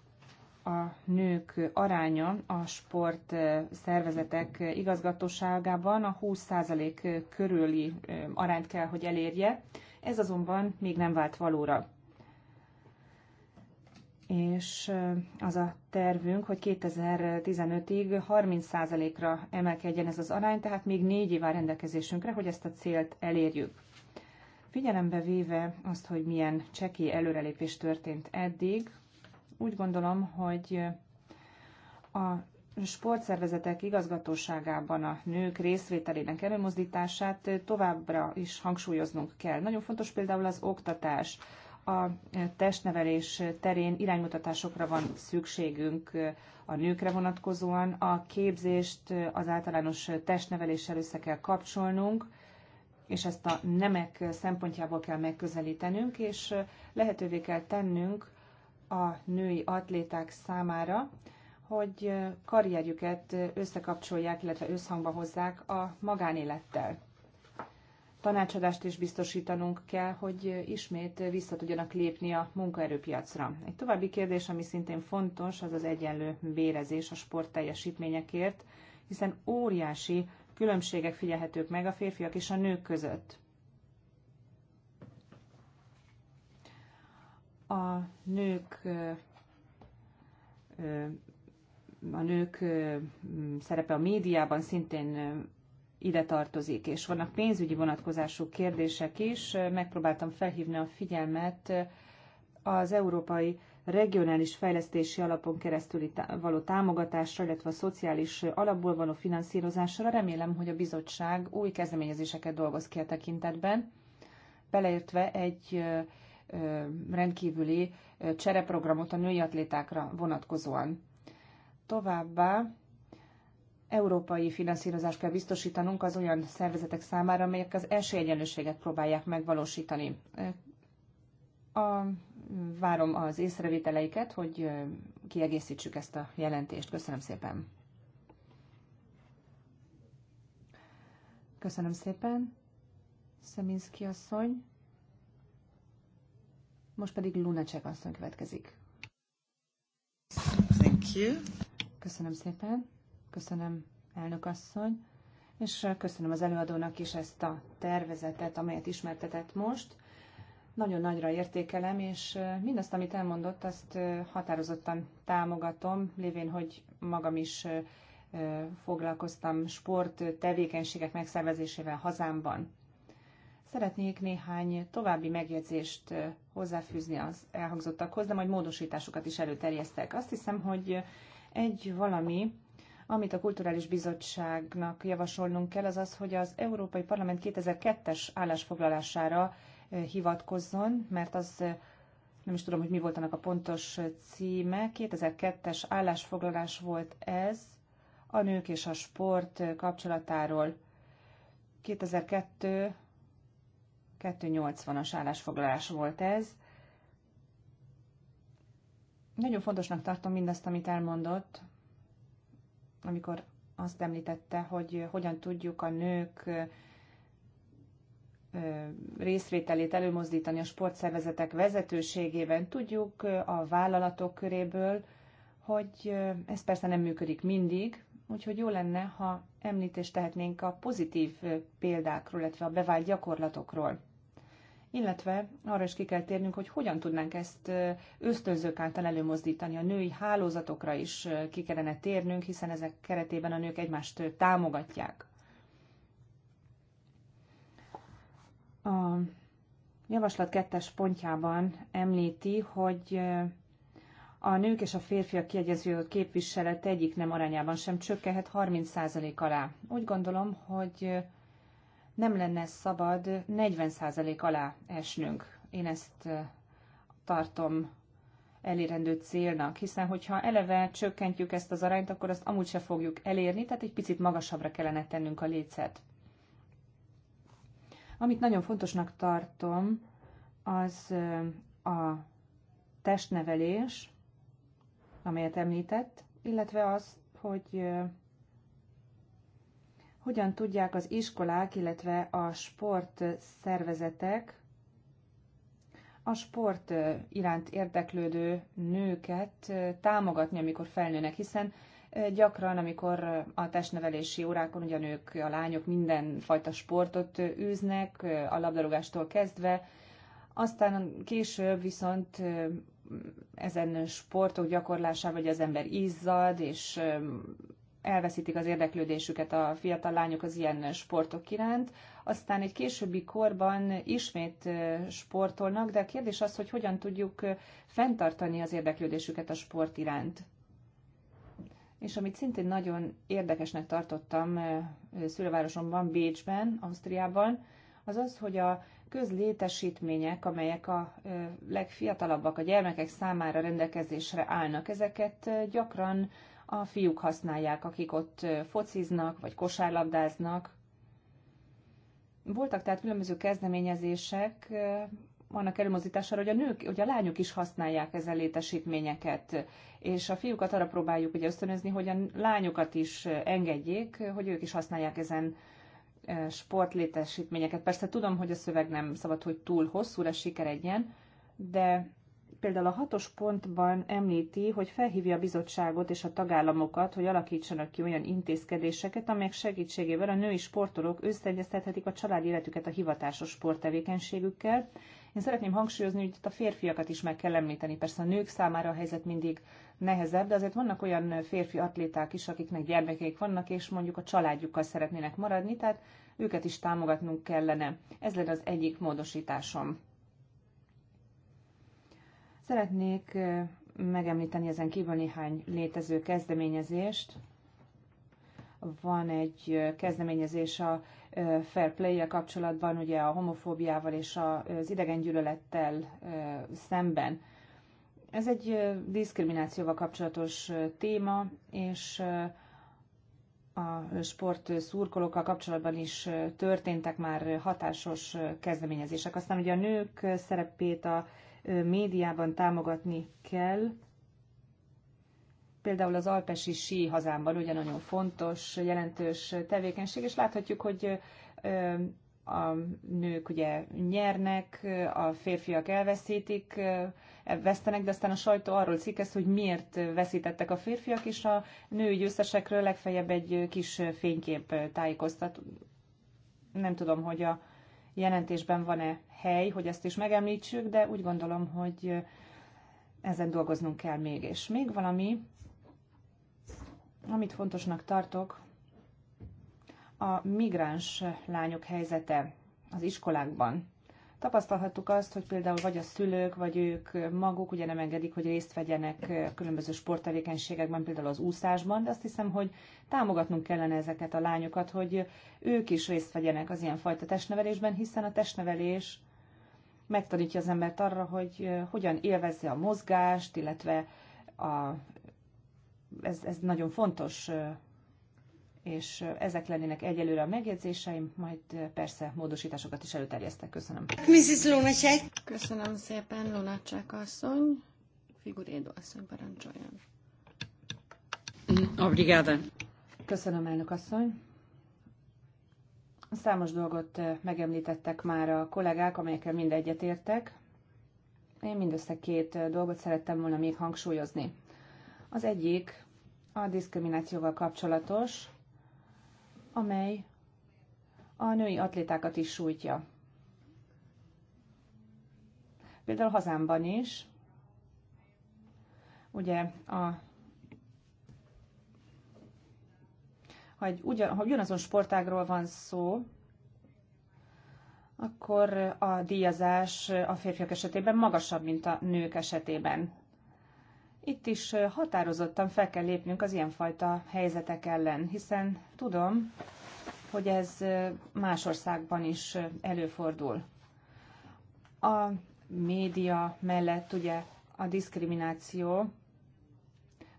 Speaker 2: a nők aránya a sport eh, szervezetek igazgatóságában a 20% eh, körüli eh, arányt kell, hogy elérje. Ez azonban még nem vált valóra. És az a tervünk, hogy 2015-ig 30%-ra emelkedjen ez az arány, tehát még négy év áll rendelkezésünkre, hogy ezt a célt elérjük. Figyelembe véve azt, hogy milyen cseki előrelépés történt eddig, úgy gondolom, hogy a sportszervezetek igazgatóságában a nők részvételének előmozdítását továbbra is hangsúlyoznunk kell. Nagyon fontos például az oktatás. A testnevelés terén iránymutatásokra van szükségünk a nőkre vonatkozóan. A képzést az általános testneveléssel össze kell kapcsolnunk, és ezt a nemek szempontjából kell megközelítenünk, és lehetővé kell tennünk a női atléták számára, hogy karrierjüket összekapcsolják, illetve összhangba hozzák a magánélettel. Tanácsadást is biztosítanunk kell, hogy ismét vissza tudjanak lépni a munkaerőpiacra. Egy további kérdés, ami szintén fontos, az az egyenlő bérezés a sportteljesítményekért, hiszen óriási különbségek figyelhetők meg a férfiak és a nők között. a nők a nők szerepe a médiában szintén ide tartozik, és vannak pénzügyi vonatkozású kérdések is. Megpróbáltam felhívni a figyelmet az Európai Regionális Fejlesztési Alapon keresztüli való támogatásra, illetve a szociális alapból való finanszírozásra. Remélem, hogy a bizottság új kezdeményezéseket dolgoz ki a tekintetben, beleértve egy rendkívüli csereprogramot a női atlétákra vonatkozóan. Továbbá európai finanszírozást kell biztosítanunk az olyan szervezetek számára, amelyek az esélyegyenlőséget próbálják megvalósítani. A, várom az észrevételeiket, hogy kiegészítsük ezt a jelentést. Köszönöm szépen. Köszönöm szépen. Szeminszki asszony. Most pedig Lunacek asszony következik. Thank you. Köszönöm szépen. Köszönöm, elnök asszony. És köszönöm az előadónak is ezt a tervezetet, amelyet ismertetett most. Nagyon nagyra értékelem, és mindazt, amit elmondott, azt határozottan támogatom, lévén, hogy magam is foglalkoztam sport tevékenységek megszervezésével hazámban. Szeretnék néhány további megjegyzést hozzáfűzni az elhangzottakhoz, de majd módosításokat is előterjesztek. Azt hiszem, hogy egy valami, amit a Kulturális Bizottságnak javasolnunk kell, az az, hogy az Európai Parlament 2002-es állásfoglalására hivatkozzon, mert az nem is tudom, hogy mi volt annak a pontos címe. 2002-es állásfoglalás volt ez a nők és a sport kapcsolatáról. 2002 280-as állásfoglalás volt ez. Nagyon fontosnak tartom mindazt, amit elmondott, amikor azt említette, hogy hogyan tudjuk a nők részvételét előmozdítani a sportszervezetek vezetőségében. Tudjuk a vállalatok köréből, hogy ez persze nem működik mindig, Úgyhogy jó lenne, ha említést tehetnénk a pozitív példákról, illetve a bevált gyakorlatokról. Illetve arra is ki kell térnünk, hogy hogyan tudnánk ezt ösztönzők által előmozdítani. A női hálózatokra is ki kellene térnünk, hiszen ezek keretében a nők egymást támogatják. A javaslat kettes pontjában említi, hogy a nők és a férfiak kiegyező képviselet egyik nem arányában sem csökkenhet 30% alá. Úgy gondolom, hogy nem lenne szabad 40% alá esnünk. Én ezt tartom elérendő célnak, hiszen hogyha eleve csökkentjük ezt az arányt, akkor azt amúgy se fogjuk elérni, tehát egy picit magasabbra kellene tennünk a lécet. Amit nagyon fontosnak tartom, az a testnevelés, amelyet említett, illetve az, hogy hogyan tudják az iskolák, illetve a sport szervezetek a sport iránt érdeklődő nőket támogatni, amikor felnőnek, hiszen gyakran, amikor a testnevelési órákon ugye a nők, a lányok mindenfajta sportot űznek, a labdarúgástól kezdve, aztán később viszont ezen sportok gyakorlásával, hogy az ember izzad, és elveszítik az érdeklődésüket a fiatal lányok az ilyen sportok iránt, aztán egy későbbi korban ismét sportolnak, de a kérdés az, hogy hogyan tudjuk fenntartani az érdeklődésüket a sport iránt. És amit szintén nagyon érdekesnek tartottam szülővárosomban, Bécsben, Ausztriában, az az, hogy a közlétesítmények, amelyek a legfiatalabbak, a gyermekek számára rendelkezésre állnak, ezeket gyakran a fiúk használják, akik ott fociznak, vagy kosárlabdáznak. Voltak tehát különböző kezdeményezések annak előmozítására, hogy a nők, hogy a lányok is használják ezen létesítményeket, és a fiúkat arra próbáljuk ugye ösztönözni, hogy a lányokat is engedjék, hogy ők is használják ezen sportlétesítményeket. Persze tudom, hogy a szöveg nem szabad, hogy túl hosszúra sikeredjen, de például a hatos pontban említi, hogy felhívja a bizottságot és a tagállamokat, hogy alakítsanak ki olyan intézkedéseket, amelyek segítségével a női sportolók összeegyeztethetik a család életüket a hivatásos sporttevékenységükkel, én szeretném hangsúlyozni, hogy itt a férfiakat is meg kell említeni. Persze a nők számára a helyzet mindig nehezebb, de azért vannak olyan férfi atléták is, akiknek gyermekeik vannak, és mondjuk a családjukkal szeretnének maradni, tehát őket is támogatnunk kellene. Ez lenne az egyik módosításom. Szeretnék megemlíteni ezen kívül néhány létező kezdeményezést. Van egy kezdeményezés a fair play-jel kapcsolatban, ugye a homofóbiával és az idegengyűlölettel szemben. Ez egy diszkriminációval kapcsolatos téma, és a sport szurkolókkal kapcsolatban is történtek már hatásos kezdeményezések. Aztán ugye a nők szerepét a médiában támogatni kell, például az alpesi sí hazámban ugye nagyon fontos, jelentős tevékenység, és láthatjuk, hogy a nők ugye nyernek, a férfiak elveszítik, vesztenek, de aztán a sajtó arról cikkez, hogy miért veszítettek a férfiak, és a női győztesekről legfeljebb egy kis fénykép tájékoztat. Nem tudom, hogy a jelentésben van-e hely, hogy ezt is megemlítsük, de úgy gondolom, hogy ezen dolgoznunk kell még. És még valami, amit fontosnak tartok, a migráns lányok helyzete az iskolákban. Tapasztalhattuk azt, hogy például vagy a szülők, vagy ők maguk ugye nem engedik, hogy részt vegyenek különböző sporttevékenységekben, például az úszásban, de azt hiszem, hogy támogatnunk kellene ezeket a lányokat, hogy ők is részt vegyenek az ilyen fajta testnevelésben, hiszen a testnevelés megtanítja az embert arra, hogy hogyan élvezze a mozgást, illetve a ez, ez nagyon fontos, és ezek lennének egyelőre a megjegyzéseim, majd persze módosításokat is előterjesztek. Köszönöm. Mrs.
Speaker 3: Lunacek. Köszönöm szépen, Lunacek asszony. Figurédo asszony, parancsoljon. Obrigada.
Speaker 2: Köszönöm, elnök asszony. Számos dolgot megemlítettek már a kollégák, amelyekkel mind egyetértek. Én mindössze két dolgot szerettem volna még hangsúlyozni. Az egyik a diszkriminációval kapcsolatos, amely a női atlétákat is sújtja. Például hazámban is, ugye a ha, egy ugyan, ha ugyanazon sportágról van szó, akkor a díjazás a férfiak esetében magasabb, mint a nők esetében. Itt is határozottan fel kell lépnünk az ilyenfajta helyzetek ellen, hiszen tudom, hogy ez más országban is előfordul. A média mellett ugye a diszkrimináció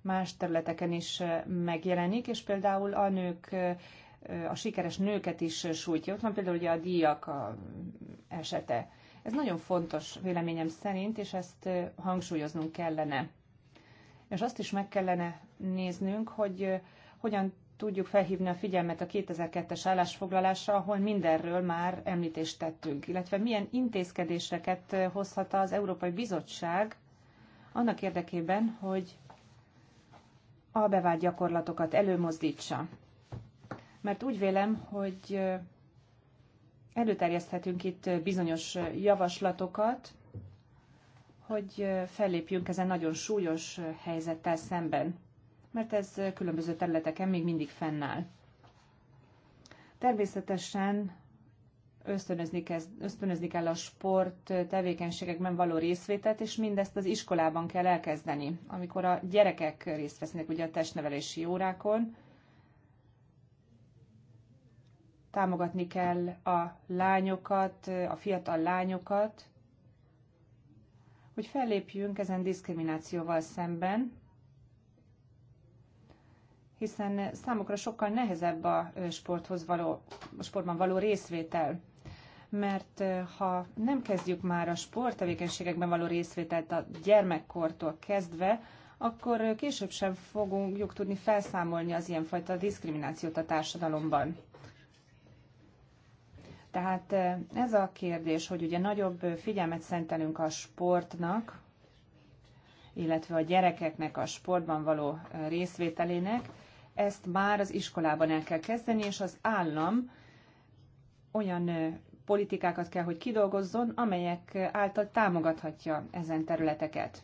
Speaker 2: más területeken is megjelenik, és például a nők, a sikeres nőket is sújtja. Ott van például ugye a díjak esete. Ez nagyon fontos véleményem szerint, és ezt hangsúlyoznunk kellene és azt is meg kellene néznünk, hogy hogyan tudjuk felhívni a figyelmet a 2002-es állásfoglalásra, ahol mindenről már említést tettünk, illetve milyen intézkedéseket hozhat az Európai Bizottság annak érdekében, hogy a bevált gyakorlatokat előmozdítsa. Mert úgy vélem, hogy előterjeszthetünk itt bizonyos javaslatokat, hogy fellépjünk ezen nagyon súlyos helyzettel szemben, mert ez különböző területeken még mindig fennáll. Természetesen ösztönözni, kezd, ösztönözni kell a sport tevékenységekben való részvételt, és mindezt az iskolában kell elkezdeni, amikor a gyerekek részt vesznek ugye a testnevelési órákon. Támogatni kell a lányokat, a fiatal lányokat, hogy fellépjünk ezen diszkriminációval szemben, hiszen számukra sokkal nehezebb a sporthoz való, a sportban való részvétel. Mert ha nem kezdjük már a sporttevékenységekben való részvételt a gyermekkortól kezdve, akkor később sem fogunk tudni felszámolni az ilyenfajta diszkriminációt a társadalomban. Tehát ez a kérdés, hogy ugye nagyobb figyelmet szentelünk a sportnak, illetve a gyerekeknek a sportban való részvételének, ezt már az iskolában el kell kezdeni, és az állam olyan politikákat kell, hogy kidolgozzon, amelyek által támogathatja ezen területeket.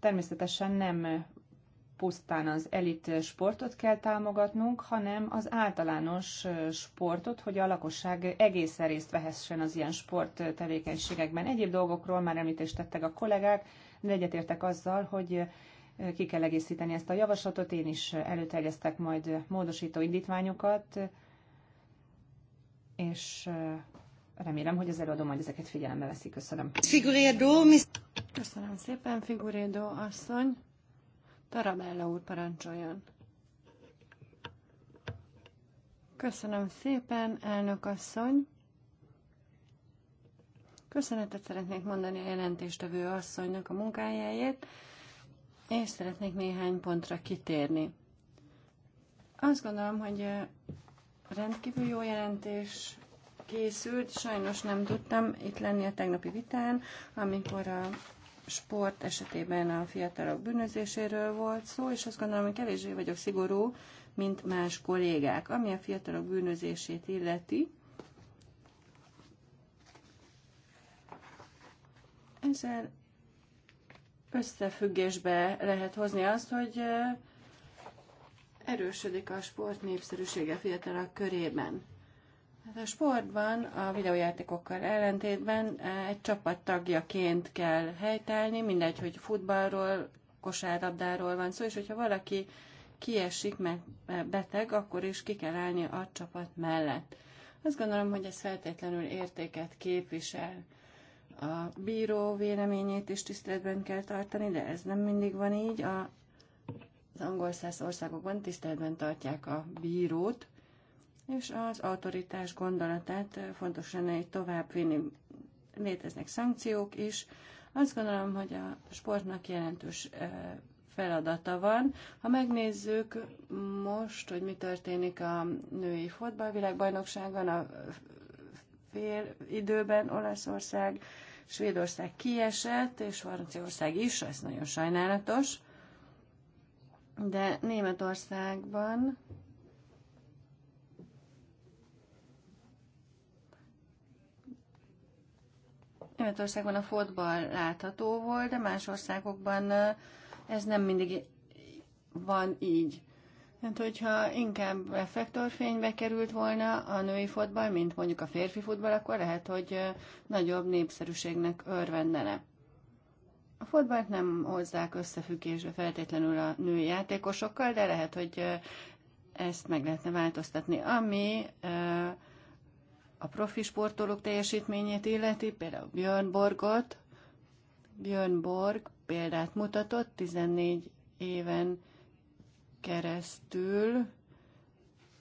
Speaker 2: Természetesen nem pusztán az elit sportot kell támogatnunk, hanem az általános sportot, hogy a lakosság egészen részt vehessen az ilyen sport tevékenységekben. Egyéb dolgokról már említést tettek a kollégák, de egyetértek azzal, hogy ki kell egészíteni ezt a javaslatot. Én is előterjesztek majd módosító indítványokat, és remélem, hogy az előadó majd ezeket figyelembe veszi. Köszönöm.
Speaker 3: Figurédó, mi... Köszönöm szépen, Figurédó asszony. Tarabella úr parancsoljon. Köszönöm szépen, elnök asszony. Köszönetet szeretnék mondani a jelentéstevő asszonynak a munkájáért, és szeretnék néhány pontra kitérni. Azt gondolom, hogy rendkívül jó jelentés készült, sajnos nem tudtam itt lenni a tegnapi vitán, amikor a sport esetében a fiatalok bűnözéséről volt szó, és azt gondolom, hogy kevésbé vagyok szigorú, mint más kollégák. Ami a fiatalok bűnözését illeti, ezzel összefüggésbe lehet hozni azt, hogy erősödik a sport népszerűsége fiatalok körében. Hát a sportban a videójátékokkal ellentétben eh, egy csapat tagjaként kell helytállni, mindegy, hogy futballról, kosárlabdáról van szó, és hogyha valaki kiesik, mert eh, beteg, akkor is ki kell állni a csapat mellett. Azt gondolom, hogy ez feltétlenül értéket képvisel. A bíró véleményét is tiszteletben kell tartani, de ez nem mindig van így. A, az angol száz országokban tiszteletben tartják a bírót, és az autoritás gondolatát fontos lenne tovább továbbvinni. Léteznek szankciók is. Azt gondolom, hogy a sportnak jelentős feladata van. Ha megnézzük most, hogy mi történik a női fotballvilágbajnokságon, a fél időben Olaszország, Svédország kiesett, és Franciaország is, ez nagyon sajnálatos. De Németországban Németországban a fotball látható volt, de más országokban ez nem mindig van így. Mert hát, hogyha inkább effektorfénybe került volna a női fotball, mint mondjuk a férfi futball, akkor lehet, hogy nagyobb népszerűségnek örvendene. A fotballt nem hozzák összefüggésbe feltétlenül a női játékosokkal, de lehet, hogy ezt meg lehetne változtatni. Ami uh, a profi sportolók teljesítményét illeti, például Björn Borgot, Björn Borg példát mutatott 14 éven keresztül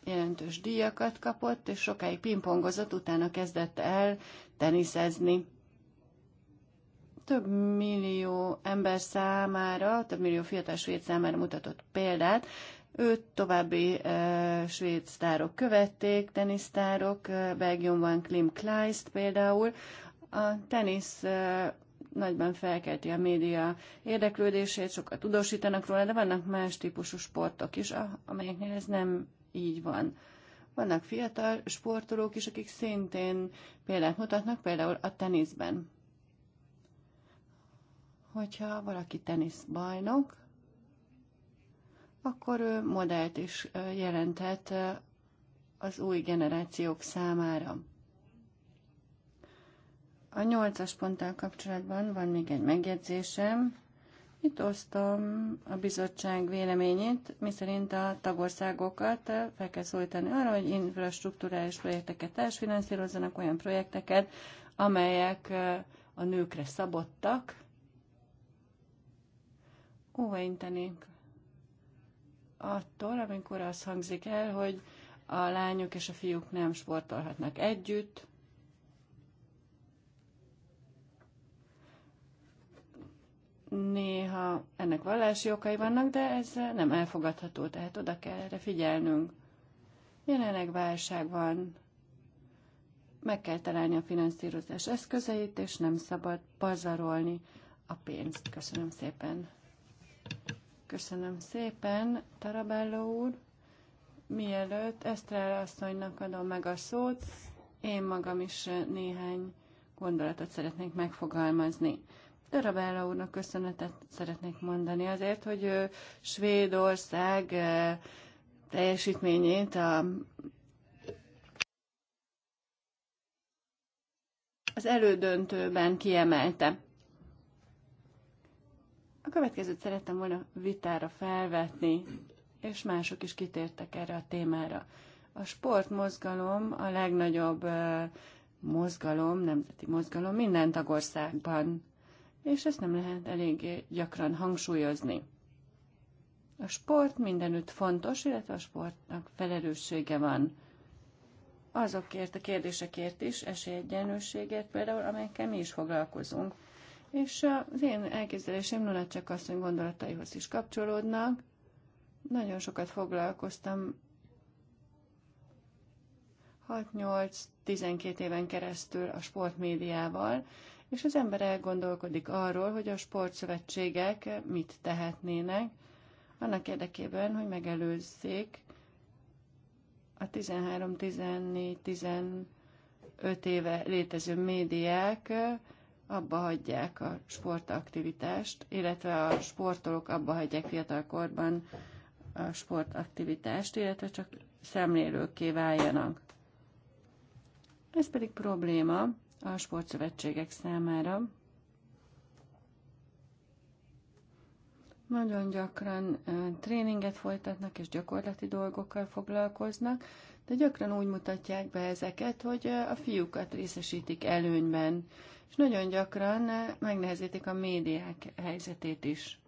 Speaker 3: jelentős díjakat kapott, és sokáig pingpongozott, utána kezdett el teniszezni. Több millió ember számára, több millió fiatal svéd számára mutatott példát, Őt további e, svéd sztárok követték, tenisztárok, e, Belgiumban Klim Kleist például. A tenisz e, nagyban felkelti a média érdeklődését, sokat tudósítanak róla, de vannak más típusú sportok is, amelyeknél ez nem így van. Vannak fiatal sportolók is, akik szintén példát mutatnak, például a teniszben. Hogyha valaki teniszbajnok, akkor ő modellt is jelenthet az új generációk számára. A nyolcas ponttal kapcsolatban van még egy megjegyzésem. Itt osztom a bizottság véleményét, miszerint a tagországokat fel kell szólítani arra, hogy infrastruktúrális projekteket társfinanszírozzanak, olyan projekteket, amelyek a nőkre szabottak. Óvaintenénk attól, amikor az hangzik el, hogy a lányok és a fiúk nem sportolhatnak együtt, néha ennek vallási okai vannak, de ez nem elfogadható, tehát oda kell erre figyelnünk. Jelenleg válság van, meg kell találni a finanszírozás eszközeit, és nem szabad pazarolni a pénzt. Köszönöm szépen. Köszönöm szépen, Tarabelló úr. Mielőtt Esztrál asszonynak adom meg a szót, én magam is néhány gondolatot szeretnék megfogalmazni. Tarabella úrnak köszönetet szeretnék mondani azért, hogy Svédország eh, teljesítményét a az elődöntőben kiemelte. A következőt szerettem volna vitára felvetni, és mások is kitértek erre a témára. A sportmozgalom a legnagyobb mozgalom, nemzeti mozgalom minden tagországban, és ezt nem lehet elég gyakran hangsúlyozni. A sport mindenütt fontos, illetve a sportnak felelőssége van. Azokért a kérdésekért is, esélyegyenlőségért például, amelyekkel mi is foglalkozunk, és az én elképzelésem csak asszony gondolataihoz is kapcsolódnak. Nagyon sokat foglalkoztam 6-8-12 éven keresztül a sportmédiával, és az ember elgondolkodik arról, hogy a sportszövetségek mit tehetnének, annak érdekében, hogy megelőzzék a 13-14-15 éve létező médiák abba hagyják a sportaktivitást, illetve a sportolók abba hagyják fiatalkorban a sportaktivitást, illetve csak szemlélőkké váljanak. Ez pedig probléma a sportszövetségek számára. Nagyon gyakran tréninget folytatnak és gyakorlati dolgokkal foglalkoznak, de gyakran úgy mutatják be ezeket, hogy a fiúkat részesítik előnyben, és nagyon gyakran eh, megnehezítik a médiák helyzetét is.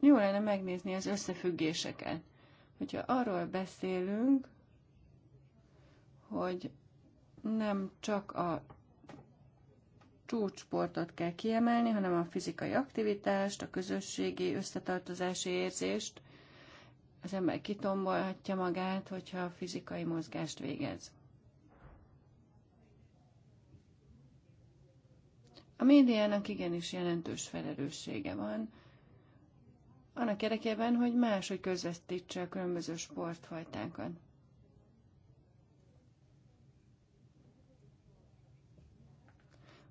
Speaker 3: Jó lenne megnézni az összefüggéseket. Hogyha arról beszélünk, hogy nem csak a csúcsportot kell kiemelni, hanem a fizikai aktivitást, a közösségi összetartozási érzést. Az ember kitombolhatja magát, hogyha a fizikai mozgást végez. A médiának igenis jelentős felelőssége van, annak érdekében, hogy máshogy közvetítse a különböző sportfajtákat.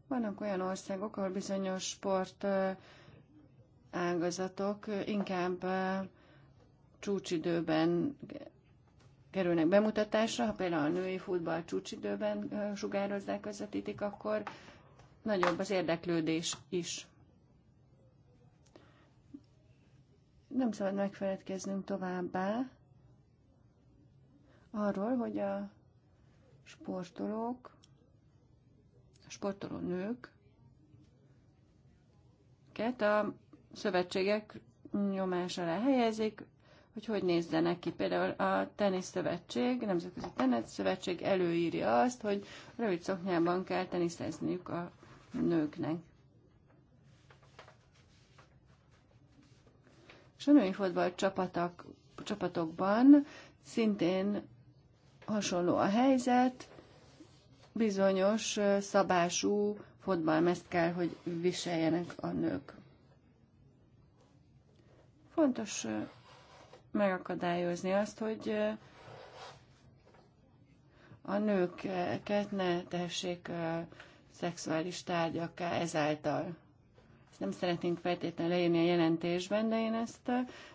Speaker 3: Vannak olyan országok, ahol bizonyos sport ágazatok inkább csúcsidőben kerülnek bemutatásra, ha például a női futball csúcsidőben sugározzák, közvetítik, akkor nagyobb az érdeklődés is. Nem szabad megfeledkeznünk továbbá arról, hogy a sportolók, a sportoló nők, a szövetségek nyomás alá helyezik, hogy hogy nézzenek ki. Például a teniszszövetség, a Nemzetközi Teniszszövetség előírja azt, hogy rövid szoknyában kell teniszezniük a nőknek. És a női fotball csapatok, csapatokban szintén hasonló a helyzet, bizonyos szabású fotballmeszt kell, hogy viseljenek a nők. Fontos megakadályozni azt, hogy a nőket ne tehessék szexuális tárgyakká ezáltal. Ezt nem szeretnénk feltétlenül leírni a jelentésben, de én ezt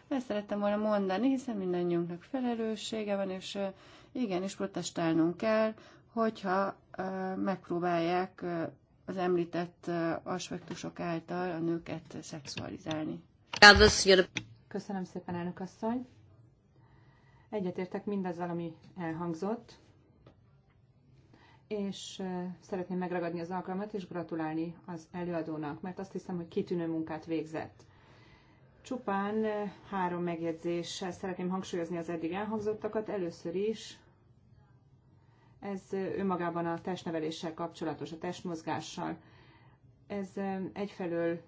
Speaker 3: el szerettem volna mondani, hiszen mindannyiunknak felelőssége van, és igenis protestálnunk kell, hogyha megpróbálják az említett aspektusok által a nőket szexualizálni. Köszönöm szépen, elnök asszony!
Speaker 2: Egyetértek mindazzal, ami elhangzott és szeretném megragadni az alkalmat és gratulálni az előadónak, mert azt hiszem, hogy kitűnő munkát végzett. Csupán három megjegyzéssel szeretném hangsúlyozni az eddig elhangzottakat. Először is ez önmagában a testneveléssel kapcsolatos, a testmozgással. Ez egyfelől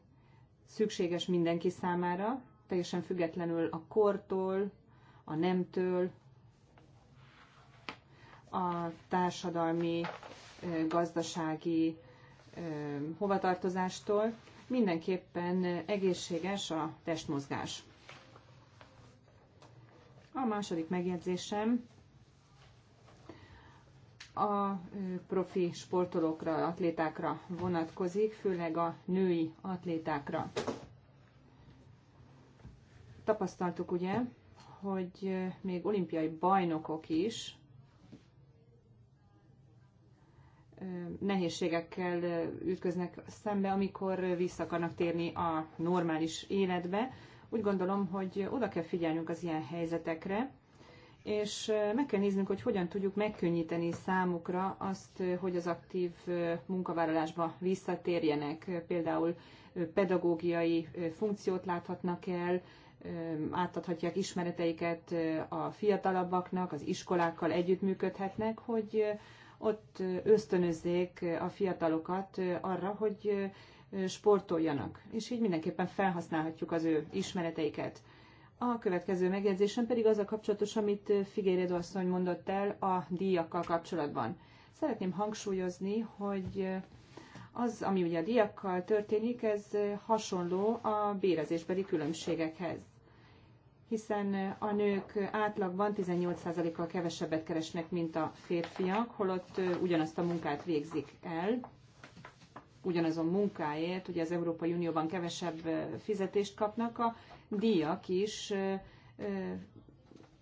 Speaker 2: szükséges mindenki számára, teljesen függetlenül a kortól, a nemtől, a társadalmi, gazdasági hovatartozástól. Mindenképpen egészséges a testmozgás. A második megjegyzésem a profi sportolókra, atlétákra vonatkozik, főleg a női atlétákra. Tapasztaltuk ugye, hogy még olimpiai bajnokok is nehézségekkel ütköznek szembe, amikor vissza akarnak térni a normális életbe. Úgy gondolom, hogy oda kell figyelnünk az ilyen helyzetekre, és meg kell néznünk, hogy hogyan tudjuk megkönnyíteni számukra azt, hogy az aktív munkavállalásba visszatérjenek. Például pedagógiai funkciót láthatnak el, átadhatják ismereteiket a fiatalabbaknak, az iskolákkal együttműködhetnek, hogy ott ösztönözzék a fiatalokat arra, hogy sportoljanak. És így mindenképpen felhasználhatjuk az ő ismereteiket. A következő megjegyzésem pedig az a kapcsolatos, amit Figéredo asszony mondott el a díjakkal kapcsolatban. Szeretném hangsúlyozni, hogy az, ami ugye a diakkal történik, ez hasonló a bérezésbeli különbségekhez hiszen a nők átlagban 18%-kal kevesebbet keresnek, mint a férfiak, holott ugyanazt a munkát végzik el, ugyanazon munkáért, ugye az Európai Unióban kevesebb fizetést kapnak, a díjak is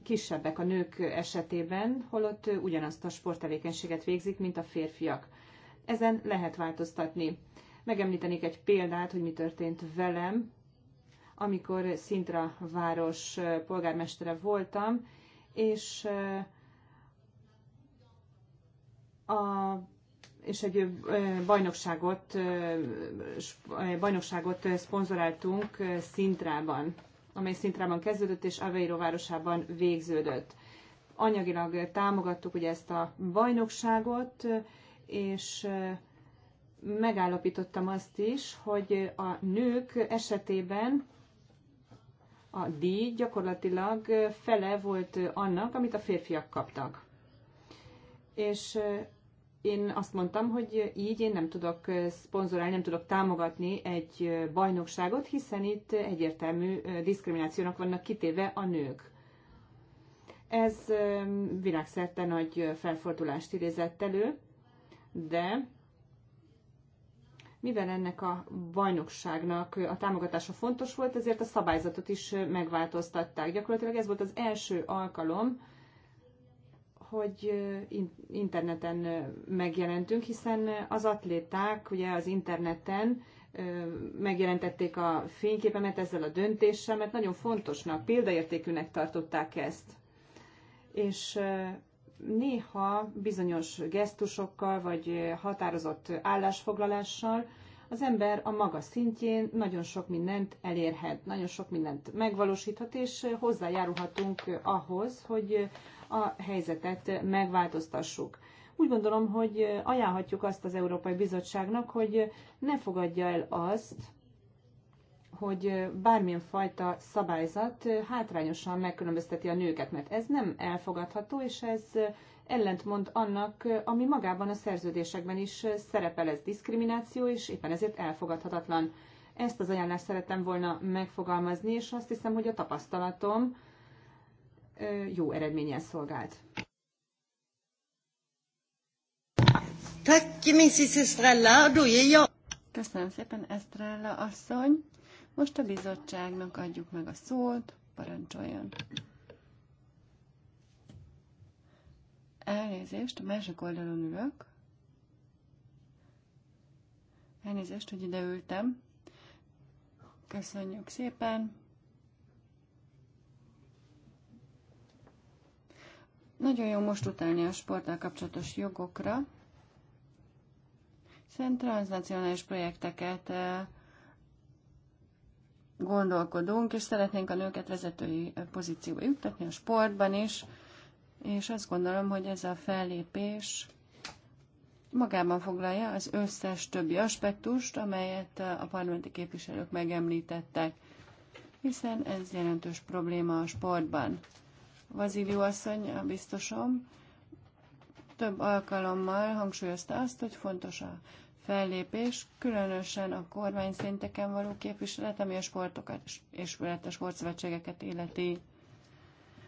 Speaker 2: kisebbek a nők esetében, holott ugyanazt a sporttevékenységet végzik, mint a férfiak. Ezen lehet változtatni. Megemlítenék egy példát, hogy mi történt velem amikor Szintra város polgármestere voltam, és a és egy bajnokságot, bajnokságot szponzoráltunk Szintrában, amely Szintrában kezdődött, és Aveiro városában végződött. Anyagilag támogattuk ugye ezt a bajnokságot, és megállapítottam azt is, hogy a nők esetében a díj gyakorlatilag fele volt annak, amit a férfiak kaptak. És én azt mondtam, hogy így én nem tudok szponzorálni, nem tudok támogatni egy bajnokságot, hiszen itt egyértelmű diszkriminációnak vannak kitéve a nők. Ez világszerte nagy felfordulást idézett elő, de mivel ennek a bajnokságnak a támogatása fontos volt, ezért a szabályzatot is megváltoztatták. Gyakorlatilag ez volt az első alkalom, hogy interneten megjelentünk, hiszen az atléták ugye az interneten megjelentették a fényképemet ezzel a döntéssel, mert nagyon fontosnak, példaértékűnek tartották ezt. És néha bizonyos gesztusokkal vagy határozott állásfoglalással az ember a maga szintjén nagyon sok mindent elérhet, nagyon sok mindent megvalósíthat, és hozzájárulhatunk ahhoz, hogy a helyzetet megváltoztassuk. Úgy gondolom, hogy ajánlhatjuk azt az Európai Bizottságnak, hogy ne fogadja el azt, hogy bármilyen fajta szabályzat hátrányosan megkülönbözteti a nőket, mert ez nem elfogadható, és ez ellentmond annak, ami magában a szerződésekben is szerepel, ez diszkrimináció, és éppen ezért elfogadhatatlan. Ezt az ajánlást szerettem volna megfogalmazni, és azt hiszem, hogy a tapasztalatom
Speaker 3: jó eredménnyel szolgált. Köszönöm szépen, Estrella asszony. Most a bizottságnak adjuk meg a szót, parancsoljon. Elnézést, a másik oldalon ülök. Elnézést, hogy ide ültem. Köszönjük szépen. Nagyon jó most utálni a sporttal kapcsolatos jogokra, hiszen transnacionális projekteket eh, gondolkodunk, és szeretnénk a nőket vezetői pozícióba juttatni a sportban is, és azt gondolom, hogy ez a fellépés magában foglalja az összes többi aspektust, amelyet a parlamenti képviselők megemlítettek, hiszen ez jelentős probléma a sportban. Vazilió asszony, a biztosom, több alkalommal hangsúlyozta azt, hogy fontos a fellépés, különösen a kormány szinteken való képviselet, ami a sportokat és a sportszövetségeket illeti.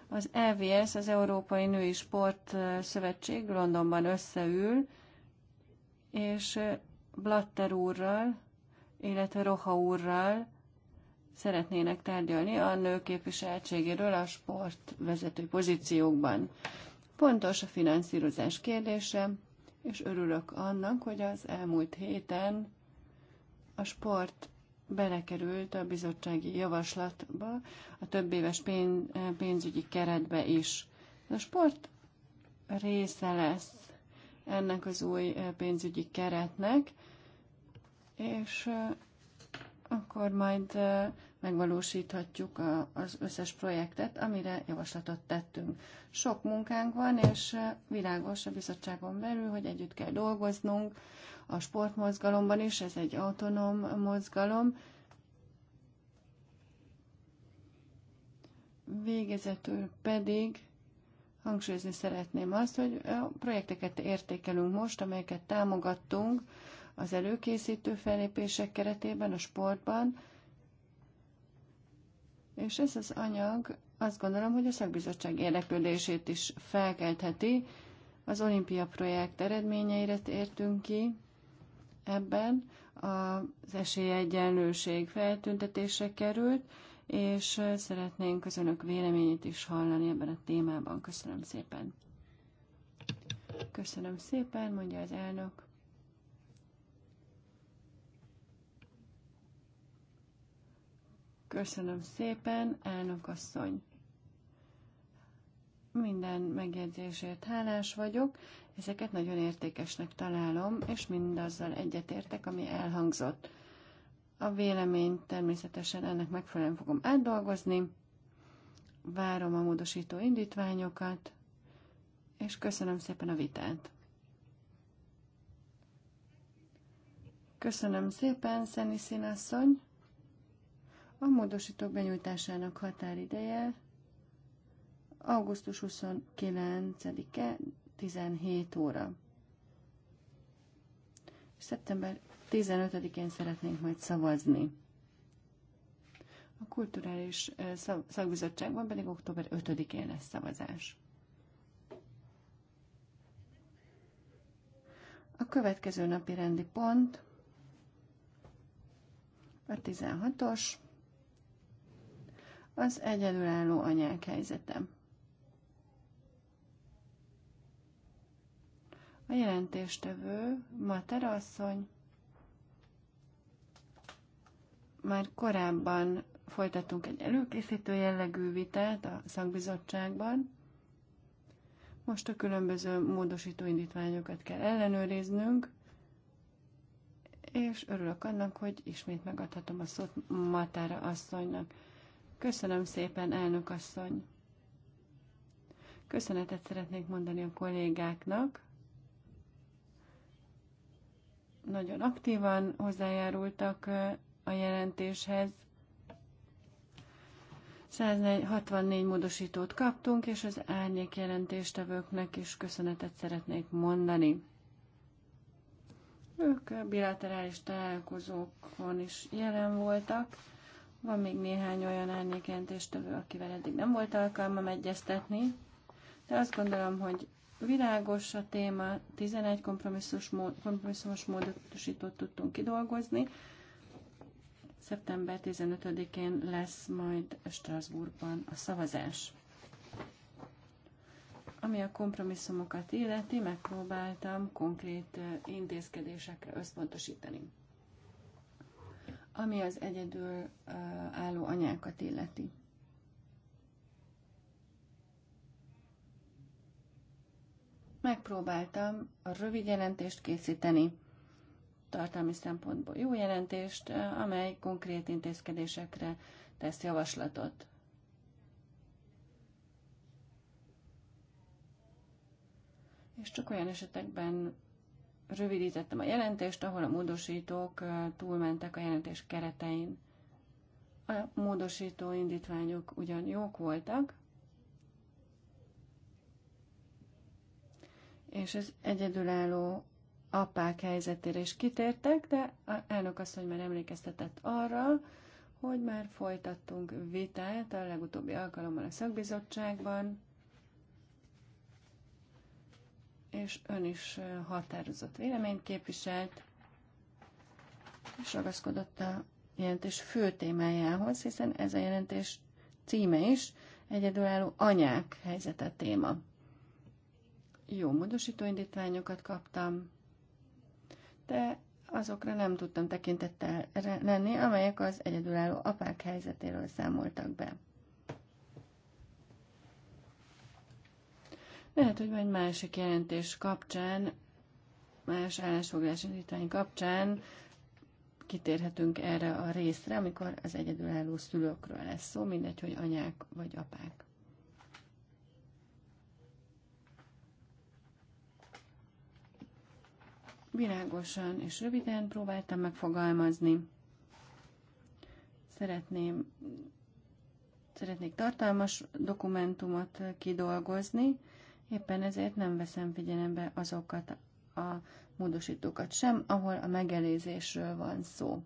Speaker 3: Az EVS, az Európai Női Sport Szövetség Londonban összeül, és Blatter úrral, illetve Roha úrral szeretnének tárgyalni a nők képviseltségéről a sport pozíciókban. Pontos a finanszírozás kérdése, és örülök annak, hogy az elmúlt héten a sport belekerült a bizottsági javaslatba, a több éves pénz, pénzügyi keretbe is. A sport része lesz ennek az új pénzügyi keretnek, és akkor majd megvalósíthatjuk a, az összes projektet, amire javaslatot tettünk. Sok munkánk van, és világos a bizottságon belül, hogy együtt kell dolgoznunk a sportmozgalomban is, ez egy autonóm mozgalom. Végezetül pedig hangsúlyozni szeretném azt, hogy a projekteket értékelünk most, amelyeket támogattunk az előkészítő fellépések keretében a sportban, és ez az anyag azt gondolom, hogy a szakbizottság érdeklődését is felkeltheti. Az olimpia projekt eredményeire értünk ki ebben. Az esélyegyenlőség feltüntetése került, és szeretnénk az önök véleményét is hallani ebben a témában. Köszönöm szépen. Köszönöm szépen, mondja az elnök. Köszönöm szépen, elnök asszony. Minden megjegyzésért hálás vagyok, ezeket nagyon értékesnek találom, és mindazzal egyetértek, ami elhangzott. A véleményt természetesen ennek megfelelően fogom átdolgozni, várom a módosító indítványokat, és köszönöm szépen a vitát. Köszönöm szépen, Szeni színasszony. A módosítók benyújtásának határideje augusztus 29-e 17 óra. Szeptember 15-én szeretnénk majd szavazni. A Kulturális Szakbizottságban pedig október 5-én lesz szavazás. A következő napi rendi pont a 16-os az egyedülálló anyák helyzete. A jelentéstevő Matera asszony már korábban folytattunk egy előkészítő jellegű vitát a szakbizottságban. Most a különböző módosító indítványokat kell ellenőriznünk, és örülök annak, hogy ismét megadhatom a szót Matára asszonynak. Köszönöm szépen, elnök asszony. Köszönetet szeretnék mondani a kollégáknak. Nagyon aktívan hozzájárultak a jelentéshez. 164 módosítót kaptunk, és az árnyék jelentéstevőknek is köszönetet szeretnék mondani. Ők bilaterális találkozókon is jelen voltak van még néhány olyan árnyékjelentéstevő, akivel eddig nem volt alkalmam egyeztetni, de azt gondolom, hogy világos a téma, 11 kompromisszus mód, kompromisszumos módosítót tudtunk kidolgozni. Szeptember 15-én lesz majd Strasbourgban a szavazás. Ami a kompromisszumokat illeti, megpróbáltam konkrét eh, intézkedésekre összpontosítani ami az egyedül álló anyákat illeti. Megpróbáltam a rövid jelentést készíteni, tartalmi szempontból jó jelentést, amely konkrét intézkedésekre tesz javaslatot. És csak olyan esetekben rövidítettem a jelentést, ahol a módosítók túlmentek a jelentés keretein. A módosító indítványok ugyan jók voltak, és az egyedülálló apák helyzetére is kitértek, de a elnök hogy már emlékeztetett arra, hogy már folytattunk vitát a legutóbbi alkalommal a szakbizottságban, és ön is határozott véleményt képviselt, és ragaszkodott a jelentés fő témájához, hiszen ez a jelentés címe is egyedülálló anyák helyzete téma. Jó módosítóindítványokat kaptam, de azokra nem tudtam tekintettel lenni, amelyek az egyedülálló apák helyzetéről számoltak be. Lehet, hogy majd másik jelentés kapcsán, más állásfoglás indítvány kapcsán kitérhetünk erre a részre, amikor az egyedülálló szülőkről lesz szó, mindegy, hogy anyák vagy apák. Világosan és röviden próbáltam megfogalmazni. Szeretném, szeretnék tartalmas dokumentumot kidolgozni, Éppen ezért nem veszem figyelembe azokat a módosítókat sem, ahol a megelőzésről van szó.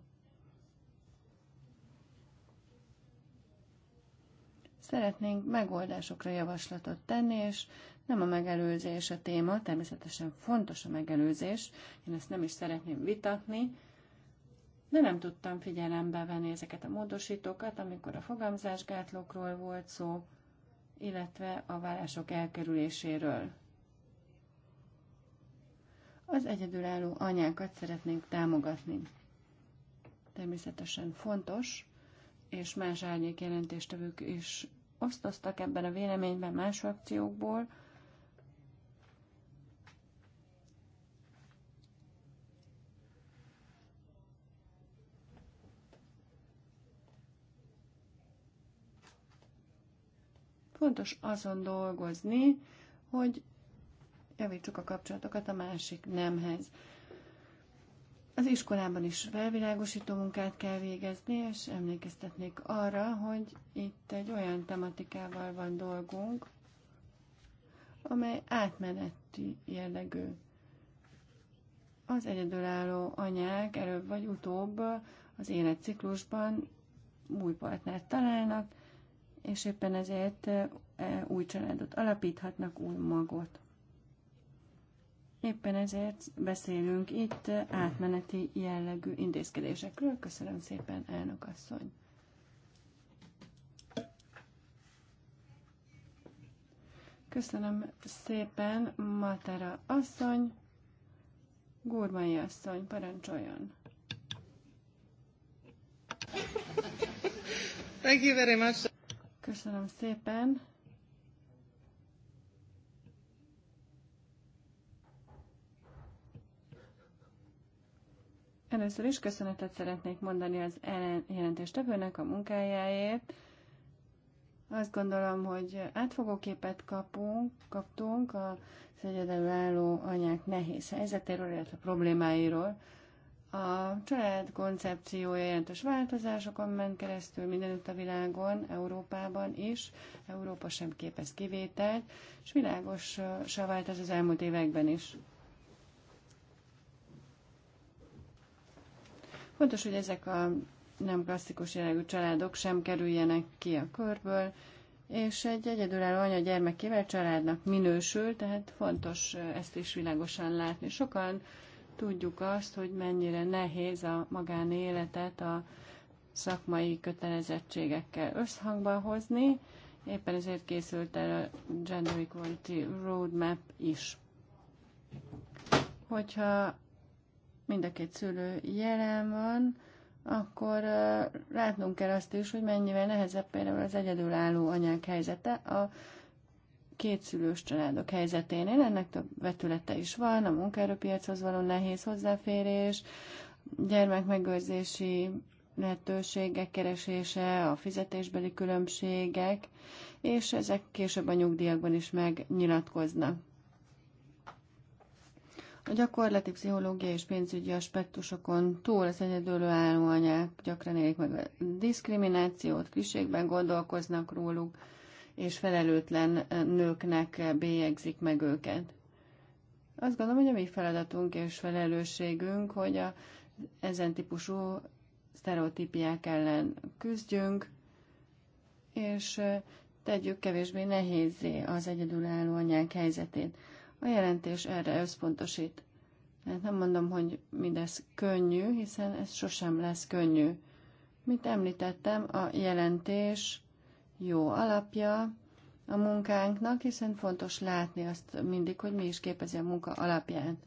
Speaker 3: Szeretnénk megoldásokra javaslatot tenni, és nem a megelőzés a téma, természetesen fontos a megelőzés, én ezt nem is szeretném vitatni, de nem tudtam figyelembe venni ezeket a módosítókat, amikor a fogamzásgátlókról volt szó, illetve a vállások elkerüléséről. Az egyedülálló anyákat szeretnénk támogatni. Természetesen fontos, és más árnyék jelentéstevők is osztoztak ebben a véleményben más akciókból, Fontos azon dolgozni, hogy javítsuk a kapcsolatokat a másik nemhez. Az iskolában is felvilágosító munkát kell végezni, és emlékeztetnék arra, hogy itt egy olyan tematikával van dolgunk, amely átmeneti jellegű. Az egyedülálló anyák előbb vagy utóbb az életciklusban új partnert találnak, és éppen ezért új családot alapíthatnak, új magot. Éppen ezért beszélünk itt átmeneti jellegű intézkedésekről. Köszönöm szépen, elnök asszony! Köszönöm szépen, Matera asszony, Gurmai asszony, parancsoljon! Thank you very much. Köszönöm szépen. Először is köszönetet szeretnék mondani az jelentéstevőnek a munkájáért. Azt gondolom, hogy átfogó képet kapunk, kaptunk az egyedülálló anyák nehéz helyzetéről, illetve problémáiról. A család koncepciója jelentős változásokon ment keresztül mindenütt a világon, Európában is. Európa sem képez kivételt, és világosra vált ez az elmúlt években is. Fontos, hogy ezek a nem klasszikus jellegű családok sem kerüljenek ki a körből, és egy egyedülálló anya gyermekével családnak minősül, tehát fontos ezt is világosan látni. Sokan Tudjuk azt, hogy mennyire nehéz a magánéletet a szakmai kötelezettségekkel összhangba hozni, éppen ezért készült el a Gender Equality Roadmap is. Hogyha mind a két szülő jelen van, akkor látnunk kell azt is, hogy mennyivel nehezebb például az egyedülálló anyák helyzete. A kétszülős családok helyzeténél. Ennek több vetülete is van, a munkaerőpiachoz való nehéz hozzáférés, gyermekmegőrzési lehetőségek keresése, a fizetésbeli különbségek, és ezek később a nyugdíjakban is megnyilatkoznak. A gyakorlati pszichológiai és pénzügyi aspektusokon túl az egyedülő álló anyák gyakran élik meg a diszkriminációt, kiségben gondolkoznak róluk, és felelőtlen nőknek bélyegzik meg őket. Azt gondolom, hogy a mi feladatunk és felelősségünk, hogy a, ezen típusú sztereotípiák ellen küzdjünk, és tegyük kevésbé nehézé az egyedülálló anyák helyzetét. A jelentés erre összpontosít. Hát nem mondom, hogy mindez könnyű, hiszen ez sosem lesz könnyű. Mint említettem, a jelentés jó alapja a munkánknak, hiszen fontos látni azt mindig, hogy mi is képezi a munka alapján.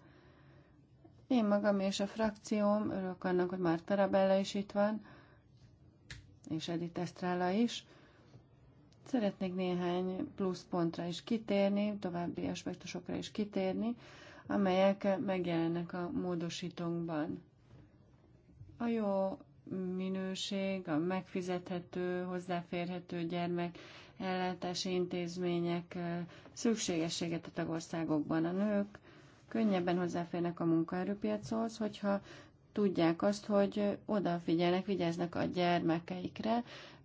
Speaker 3: Én magam és a frakcióm, örülök annak, hogy már Tarabella is itt van, és Edith Estrella is. Szeretnék néhány plusz pontra is kitérni, további aspektusokra is kitérni, amelyek megjelennek a módosítónkban. A jó minőség, a megfizethető, hozzáférhető gyermek ellátási intézmények szükségességet a tagországokban. A nők könnyebben hozzáférnek a munkaerőpiachoz, hogyha tudják azt, hogy odafigyelnek, vigyáznak a gyermekeikre,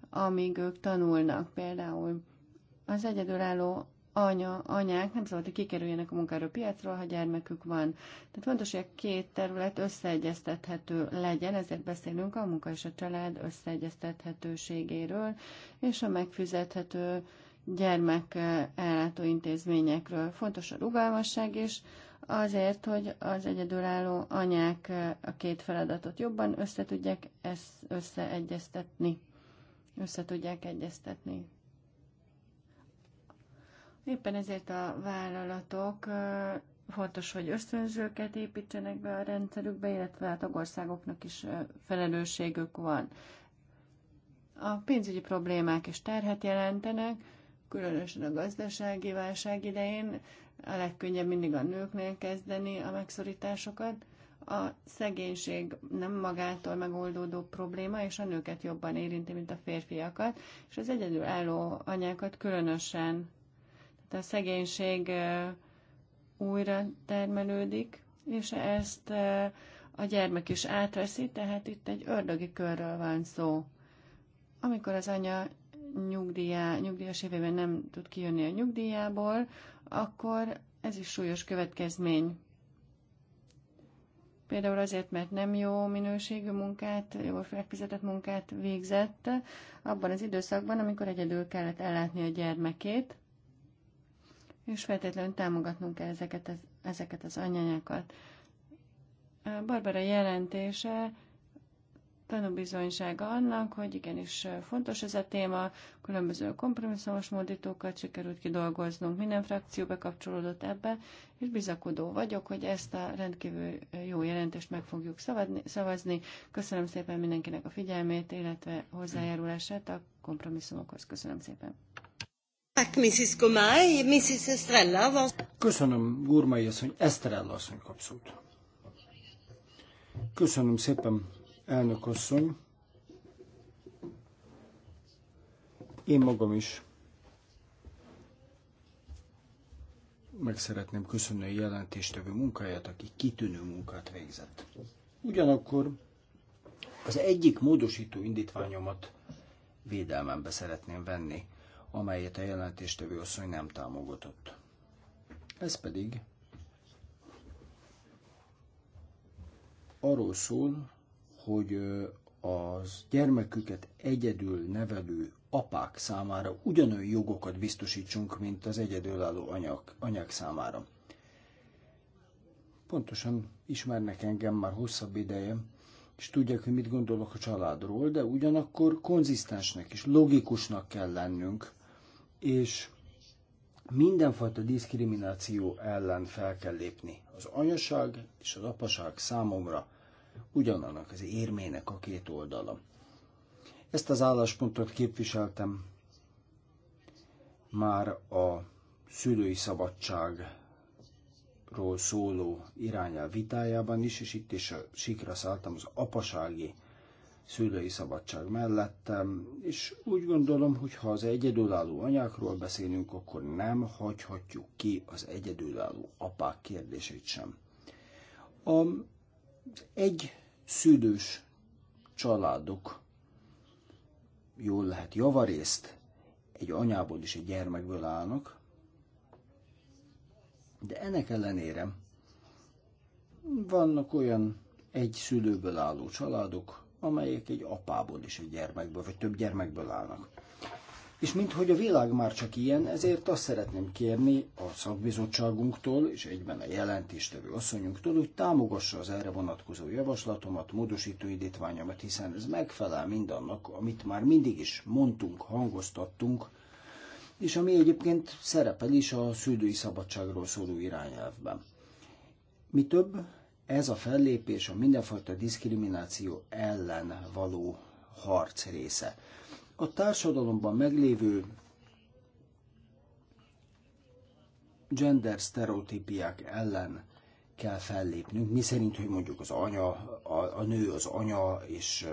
Speaker 3: amíg ők tanulnak. Például az egyedülálló anya, anyák nem szabad, hogy kikerüljenek a munkaerőpiacról, ha gyermekük van. Tehát fontos, hogy a két terület összeegyeztethető legyen, ezért beszélünk a munka és a család összeegyeztethetőségéről, és a megfizethető gyermek eh, ellátó intézményekről. Fontos a rugalmasság is, azért, hogy az egyedülálló anyák eh, a két feladatot jobban összetudják ezt összeegyeztetni, összetudják egyeztetni. Éppen ezért a vállalatok fontos, hogy ösztönzőket építsenek be a rendszerükbe, illetve a hát tagországoknak is felelősségük van. A pénzügyi problémák is terhet jelentenek, különösen a gazdasági válság idején a legkönnyebb mindig a nőknél kezdeni a megszorításokat. A szegénység nem magától megoldódó probléma, és a nőket jobban érinti, mint a férfiakat, és az egyedülálló anyákat különösen de a szegénység újra termelődik, és ezt a gyermek is átveszi, tehát itt egy ördögi körről van szó. Amikor az anya nyugdíjá, nyugdíjas évében nem tud kijönni a nyugdíjából, akkor ez is súlyos következmény. Például azért, mert nem jó minőségű munkát, jól felfizetett munkát végzett abban az időszakban, amikor egyedül kellett ellátni a gyermekét, és feltétlenül támogatnunk kell ezeket az, ezeket az anyanyákat. A Barbara jelentése tanúbizonysága annak, hogy igenis fontos ez a téma, különböző kompromisszumos módítókat sikerült kidolgoznunk, minden frakció bekapcsolódott ebbe, és bizakodó vagyok, hogy ezt a rendkívül jó jelentést meg fogjuk szavazni. Köszönöm szépen mindenkinek a figyelmét, illetve hozzájárulását a kompromisszumokhoz. Köszönöm szépen.
Speaker 1: Mrs. Gomai, Mrs. Estrella Köszönöm, Gurmai asszony, Estrella asszony kapszót. Köszönöm szépen, elnök asszony. Én magam is meg szeretném köszönni a jelentéstevő munkáját, aki kitűnő munkát végzett. Ugyanakkor az egyik módosító indítványomat védelmembe szeretném venni amelyet a jelentéstevő asszony nem támogatott. Ez pedig arról szól, hogy az gyermeküket egyedül nevelő apák számára ugyanolyan jogokat biztosítsunk, mint az egyedülálló anyák, anyák számára. Pontosan ismernek engem már hosszabb ideje, és tudják, hogy mit gondolok a családról, de ugyanakkor konzisztensnek és logikusnak kell lennünk, és mindenfajta diszkrimináció ellen fel kell lépni. Az anyaság és az apaság számomra ugyanannak az érmének a két oldala. Ezt az álláspontot képviseltem már a szülői szabadságról szóló irányel vitájában is, és itt is a sikra szálltam az apasági szülői szabadság mellettem, és úgy gondolom, hogy ha az egyedülálló anyákról beszélünk, akkor nem hagyhatjuk ki az egyedülálló apák kérdését sem. A egy szülős családok jól lehet javarészt egy anyából és egy gyermekből állnak, de ennek ellenére vannak olyan egy szülőből álló családok, amelyek egy apából és egy gyermekből, vagy több gyermekből állnak. És minthogy a világ már csak ilyen, ezért azt szeretném kérni a szakbizottságunktól, és egyben a jelentéstevő asszonyunktól, hogy támogassa az erre vonatkozó javaslatomat, módosító idétványomat, hiszen ez megfelel mindannak, amit már mindig is mondtunk, hangoztattunk, és ami egyébként szerepel is a szüldői szabadságról szóló irányelvben. Mi több, ez a fellépés a mindenfajta diszkrimináció ellen való harc része. A társadalomban meglévő gender sztereotípiák ellen kell fellépnünk, mi szerint, hogy mondjuk az anya, a, a nő az anya, és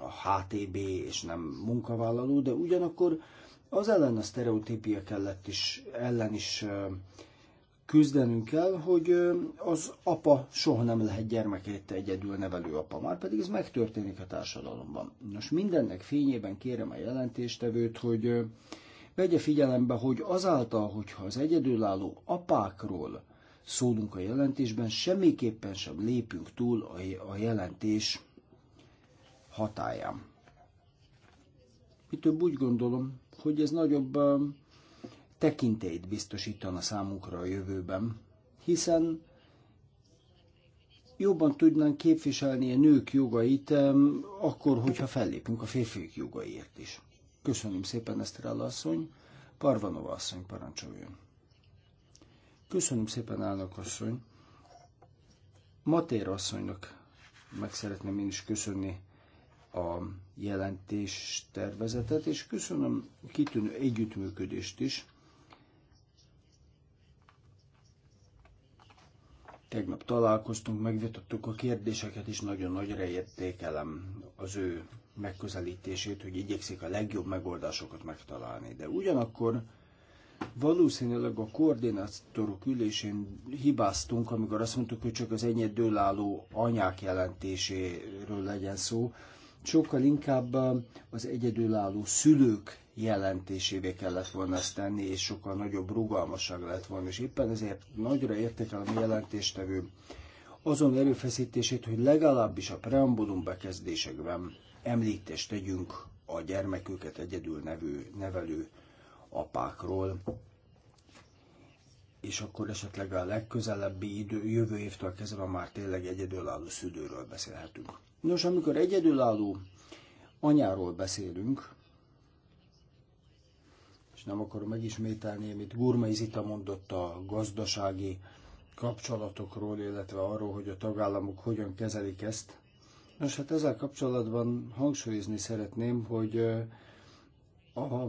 Speaker 1: a HTB, és nem munkavállaló, de ugyanakkor az ellen a sztereotípia kellett is, ellen is küzdenünk kell, hogy az apa soha nem lehet gyermekét egyedül nevelő apa, már pedig ez megtörténik a társadalomban. Nos, mindennek fényében kérem a jelentéstevőt, hogy vegye figyelembe, hogy azáltal, hogyha az egyedülálló apákról szólunk a jelentésben, semmiképpen sem lépünk túl a jelentés hatáján. Mi több úgy gondolom, hogy ez nagyobb tekintélyt biztosítana számukra a jövőben, hiszen jobban tudnánk képviselni a nők jogait, akkor, hogyha fellépünk a férfiak jogaiért is. Köszönöm szépen, Eszterella asszony. Parvanova asszony, parancsoljon. Köszönöm szépen, állnak asszony. Matér asszonynak meg szeretném én is köszönni a jelentés tervezetet, és köszönöm a kitűnő együttműködést is Tegnap találkoztunk, megvitattuk a kérdéseket, és nagyon nagyra értékelem az ő megközelítését, hogy igyekszik a legjobb megoldásokat megtalálni. De ugyanakkor valószínűleg a koordinátorok ülésén hibáztunk, amikor azt mondtuk, hogy csak az egyedülálló anyák jelentéséről legyen szó, sokkal inkább az egyedülálló szülők jelentésévé kellett volna ezt tenni, és sokkal nagyobb rugalmasság lett volna, és éppen ezért nagyra értékelem a jelentéstevő azon erőfeszítését, hogy legalábbis a preambulum bekezdésekben említést tegyünk a gyermeküket egyedül nevő, nevelő apákról, és akkor esetleg a legközelebbi idő, jövő évtől kezdve már tényleg egyedülálló szülőről beszélhetünk. Nos, amikor egyedülálló anyáról beszélünk, és nem akarom megismételni, amit Gurmai Zita mondott a gazdasági kapcsolatokról, illetve arról, hogy a tagállamok hogyan kezelik ezt. Nos, hát ezzel kapcsolatban hangsúlyozni szeretném, hogy a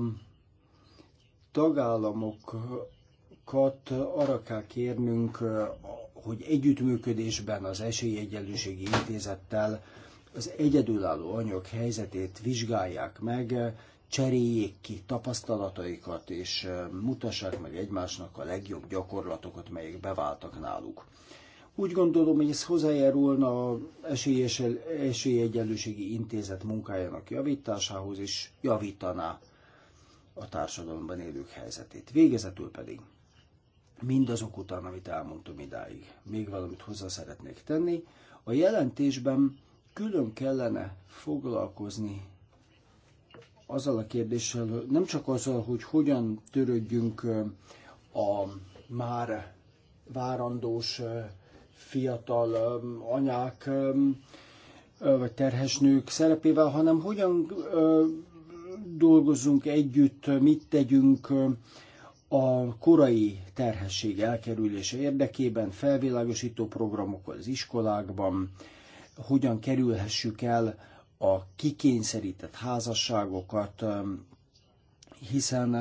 Speaker 1: tagállamokat arra kell kérnünk hogy együttműködésben az Esélyegyenlőségi Intézettel az egyedülálló anyag helyzetét vizsgálják meg, cseréljék ki tapasztalataikat, és mutassák meg egymásnak a legjobb gyakorlatokat, melyek beváltak náluk. Úgy gondolom, hogy ez hozzájárulna a esélyes, esélyegyenlőségi intézet munkájának javításához, és javítaná a társadalomban élők helyzetét. Végezetül pedig mindazok után, amit elmondtam idáig. Még valamit hozzá szeretnék tenni. A jelentésben külön kellene foglalkozni azzal a kérdéssel, nem csak azzal, hogy hogyan törődjünk a már várandós fiatal anyák vagy terhes nők szerepével, hanem hogyan dolgozzunk együtt, mit tegyünk, a korai terhesség elkerülése érdekében felvilágosító programok az iskolákban, hogyan kerülhessük el a kikényszerített házasságokat, hiszen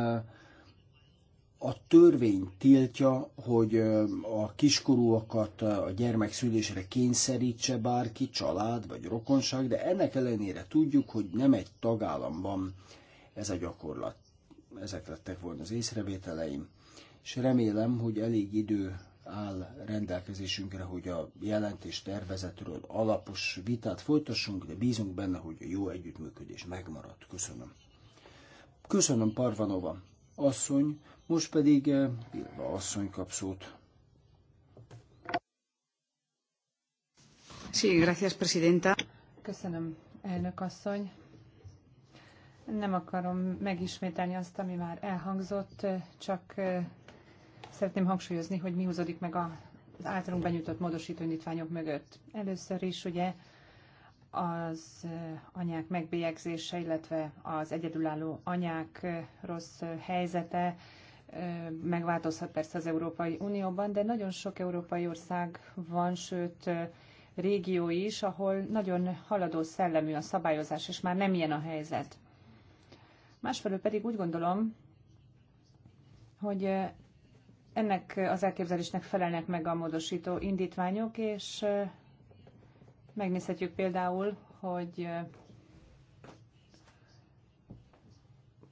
Speaker 1: a törvény tiltja, hogy a kiskorúakat a gyermekszülésre kényszerítse bárki, család vagy rokonság, de ennek ellenére tudjuk, hogy nem egy tagállamban ez a gyakorlat ezek lettek volna az észrevételeim, és remélem, hogy elég idő áll rendelkezésünkre, hogy a jelentés tervezetről alapos vitát folytassunk, de bízunk benne, hogy a jó együttműködés megmarad. Köszönöm. Köszönöm, Parvanova. Asszony, most pedig Vilva eh, asszony kap szót.
Speaker 2: Sí, gracias, presidenta. Köszönöm, elnök asszony. Nem akarom megismételni azt, ami már elhangzott, csak szeretném hangsúlyozni, hogy mi húzódik meg az általunk benyújtott módosító indítványok mögött. Először is ugye az anyák megbélyegzése, illetve az egyedülálló anyák rossz helyzete megváltozhat persze az Európai Unióban, de nagyon sok európai ország van, sőt régió is, ahol nagyon haladó szellemű a szabályozás, és már nem ilyen a helyzet. Másfelől pedig úgy gondolom, hogy eh, ennek az elképzelésnek felelnek meg a módosító indítványok, és eh, megnézhetjük például, hogy eh,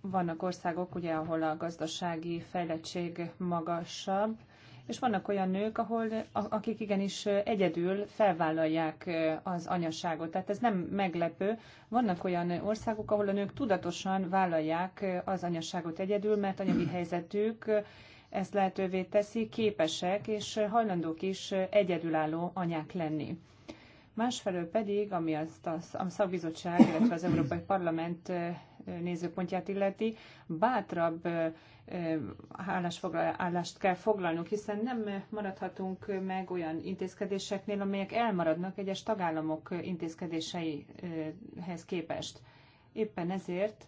Speaker 2: vannak országok, ugye, ahol a gazdasági fejlettség magasabb, és vannak olyan nők, ahol, akik igenis egyedül felvállalják az anyasságot. Tehát ez nem meglepő. Vannak olyan országok, ahol a nők tudatosan vállalják az anyasságot egyedül, mert anyagi helyzetük ezt lehetővé teszi, képesek és hajlandók is egyedülálló anyák lenni. Másfelől pedig, ami azt a szakbizottság, illetve az Európai Parlament nézőpontját illeti, bátrabb állást kell foglalnunk, hiszen nem maradhatunk meg olyan intézkedéseknél, amelyek elmaradnak egyes tagállamok intézkedéseihez képest. Éppen ezért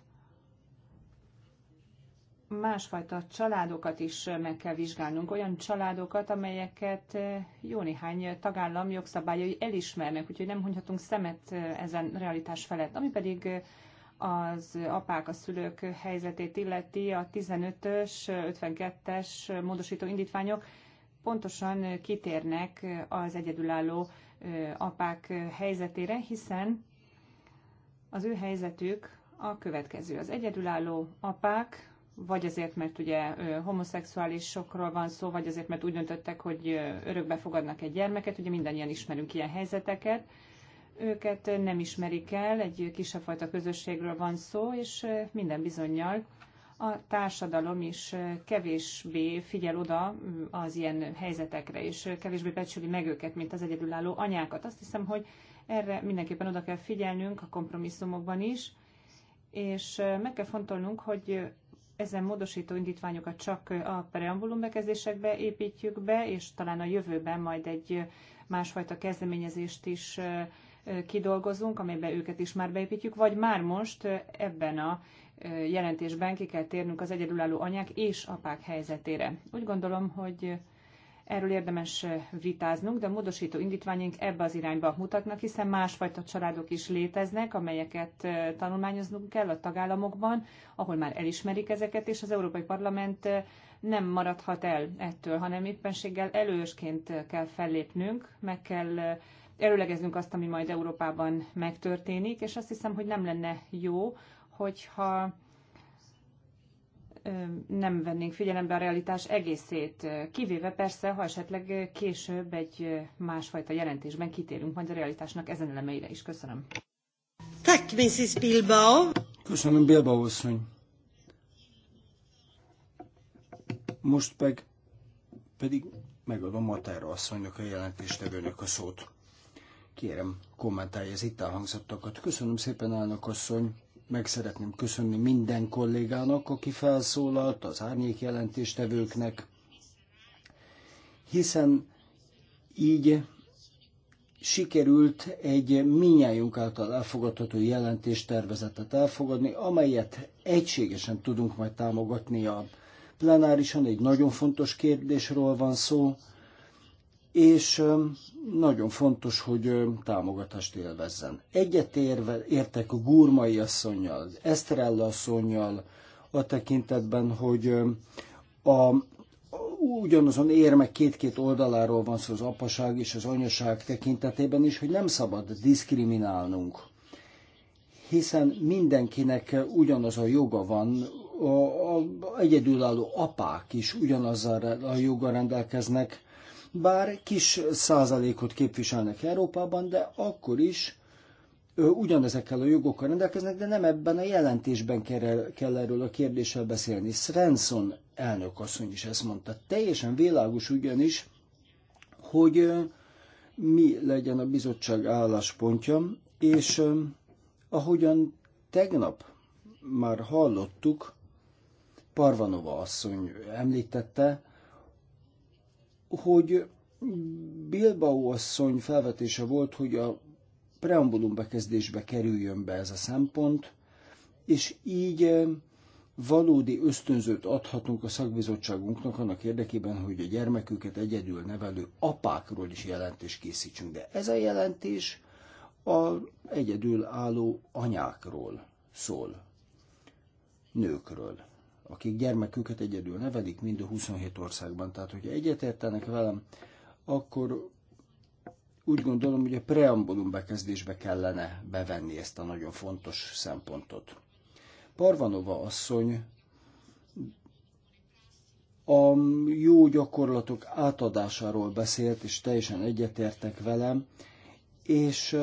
Speaker 2: másfajta családokat is meg kell vizsgálnunk, olyan családokat, amelyeket jó néhány tagállam jogszabályai elismernek, úgyhogy nem hunyhatunk szemet ezen realitás felett. Ami pedig az apák, a szülők helyzetét illeti, a 15-ös, 52-es módosító indítványok pontosan kitérnek az egyedülálló apák helyzetére, hiszen az ő helyzetük a következő. Az egyedülálló apák, vagy azért, mert ugye homoszexuálisokról van szó, vagy azért, mert úgy döntöttek, hogy örökbe fogadnak egy gyermeket, ugye mindannyian ismerünk ilyen helyzeteket, őket nem ismerik el, egy kisebb fajta közösségről van szó, és minden bizonyal a társadalom is kevésbé figyel oda mm, az ilyen helyzetekre, és kevésbé becsüli meg őket, mint az egyedülálló anyákat. Azt hiszem, hogy erre mindenképpen oda kell figyelnünk a kompromisszumokban is, és meg kell fontolnunk, hogy ezen módosító indítványokat csak a preambulum bekezdésekbe építjük be, és talán a jövőben majd egy másfajta kezdeményezést is kidolgozunk, amelyben őket is már beépítjük, vagy már most ebben a jelentésben ki kell térnünk az egyedülálló anyák és apák helyzetére. Úgy gondolom, hogy erről érdemes vitáznunk, de a módosító indítványunk ebbe az irányba mutatnak, hiszen másfajta családok is léteznek, amelyeket tanulmányoznunk kell a tagállamokban, ahol már elismerik ezeket, és az Európai Parlament nem maradhat el ettől, hanem éppenséggel elősként kell fellépnünk, meg kell előlegeznünk azt, ami majd Európában megtörténik, és azt hiszem, hogy nem lenne jó, hogyha nem vennénk figyelembe a realitás egészét, kivéve persze, ha esetleg később egy másfajta jelentésben kitérünk majd a realitásnak ezen elemeire is. Köszönöm.
Speaker 1: Tak, Mrs. Bilbao. Köszönöm, Bilbao asszony. Most meg pedig megadom Matára asszonynak a jelentéstevőnek a szót. Kérem, kommentálja az itt elhangzottakat. Köszönöm szépen, elnök asszony. Meg szeretném köszönni minden kollégának, aki felszólalt, az árnyék jelentéstevőknek, hiszen így sikerült egy minnyájunk által elfogadható jelentéstervezetet elfogadni, amelyet egységesen tudunk majd támogatni a plenárisan. Egy nagyon fontos kérdésről van szó, és nagyon fontos, hogy támogatást élvezzen. Egyet érve, értek Gurmai asszonynal, Eszterella asszonynal a tekintetben, hogy a ugyanazon érmek két-két oldaláról van szó az apaság és az anyaság tekintetében is, hogy nem szabad diszkriminálnunk, hiszen mindenkinek ugyanaz a joga van, a, a, a egyedülálló apák is ugyanazzal a joga rendelkeznek, bár kis százalékot képviselnek Európában, de akkor is ugyanezekkel a jogokkal rendelkeznek, de nem ebben a jelentésben kell, kell erről a kérdéssel beszélni. Svensson asszony is ezt mondta. Teljesen világos ugyanis, hogy mi legyen a bizottság álláspontja, és ahogyan tegnap már hallottuk, Parvanova asszony említette, hogy Bilbao asszony felvetése volt, hogy a preambulum bekezdésbe kerüljön be ez a szempont, és így eh, valódi ösztönzőt adhatunk a szakbizottságunknak annak érdekében, hogy a gyermeküket egyedül nevelő apákról is jelentést készítsünk. De ez a jelentés a egyedül álló anyákról szól, nőkről akik gyermeküket egyedül nevelik, mind a 27 országban. Tehát, hogyha egyetértenek velem, akkor úgy gondolom, hogy a preambulum bekezdésbe kellene bevenni ezt a nagyon fontos szempontot. Parvanova asszony a jó gyakorlatok átadásáról beszélt, és teljesen egyetértek velem, és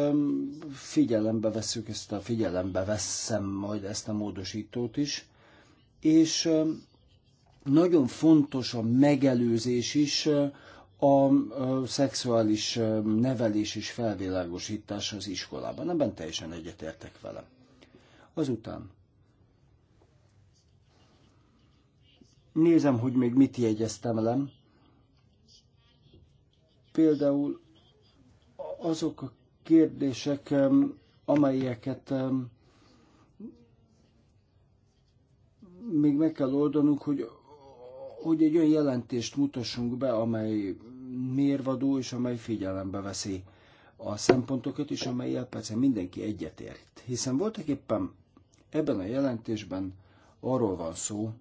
Speaker 1: figyelembe veszük ezt a figyelembe veszem majd ezt a módosítót is és nagyon fontos a megelőzés is, a szexuális nevelés és felvilágosítás az iskolában. Ebben teljesen egyetértek vele. Azután nézem, hogy még mit jegyeztem le. Például azok a kérdések, amelyeket még meg kell oldanunk, hogy, hogy egy olyan jelentést mutassunk be, amely mérvadó és amely figyelembe veszi a szempontokat, és amelyel persze mindenki egyetért. Hiszen voltak éppen ebben a jelentésben arról van szó,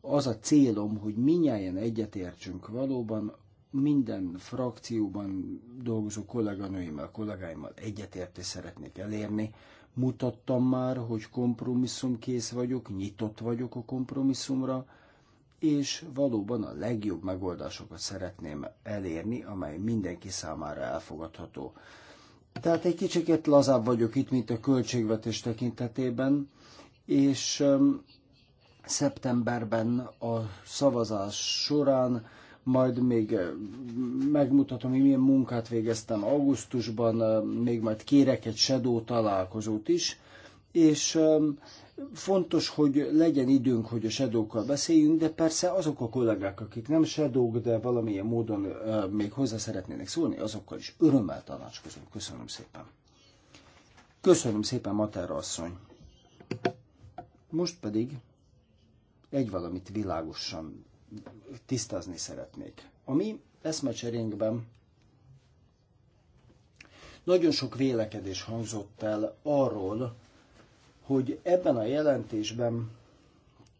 Speaker 1: az a célom, hogy minnyáján egyetértsünk valóban minden frakcióban dolgozó kolléganőimmel, kollégáimmal egyetértést szeretnék elérni, mutattam már, hogy kompromisszumkész vagyok, nyitott vagyok a kompromisszumra, és valóban a legjobb megoldásokat szeretném elérni, amely mindenki számára elfogadható. Tehát egy kicsiket lazább vagyok itt, mint a költségvetés tekintetében, és szeptemberben a szavazás során majd még eh, megmutatom, hogy milyen munkát végeztem augusztusban, eh, még majd kérek egy shadow találkozót is, és eh, fontos, hogy legyen időnk, hogy a shadowkkal beszéljünk, de persze azok a kollégák, akik nem shadowk, de valamilyen módon még hozzá szeretnének szólni, azokkal is örömmel tanácskozunk. Köszönöm szépen. Köszönöm szépen, Matára asszony. Most pedig egy valamit világosan tisztázni szeretnék. A mi eszmecserénkben nagyon sok vélekedés hangzott el arról, hogy ebben a jelentésben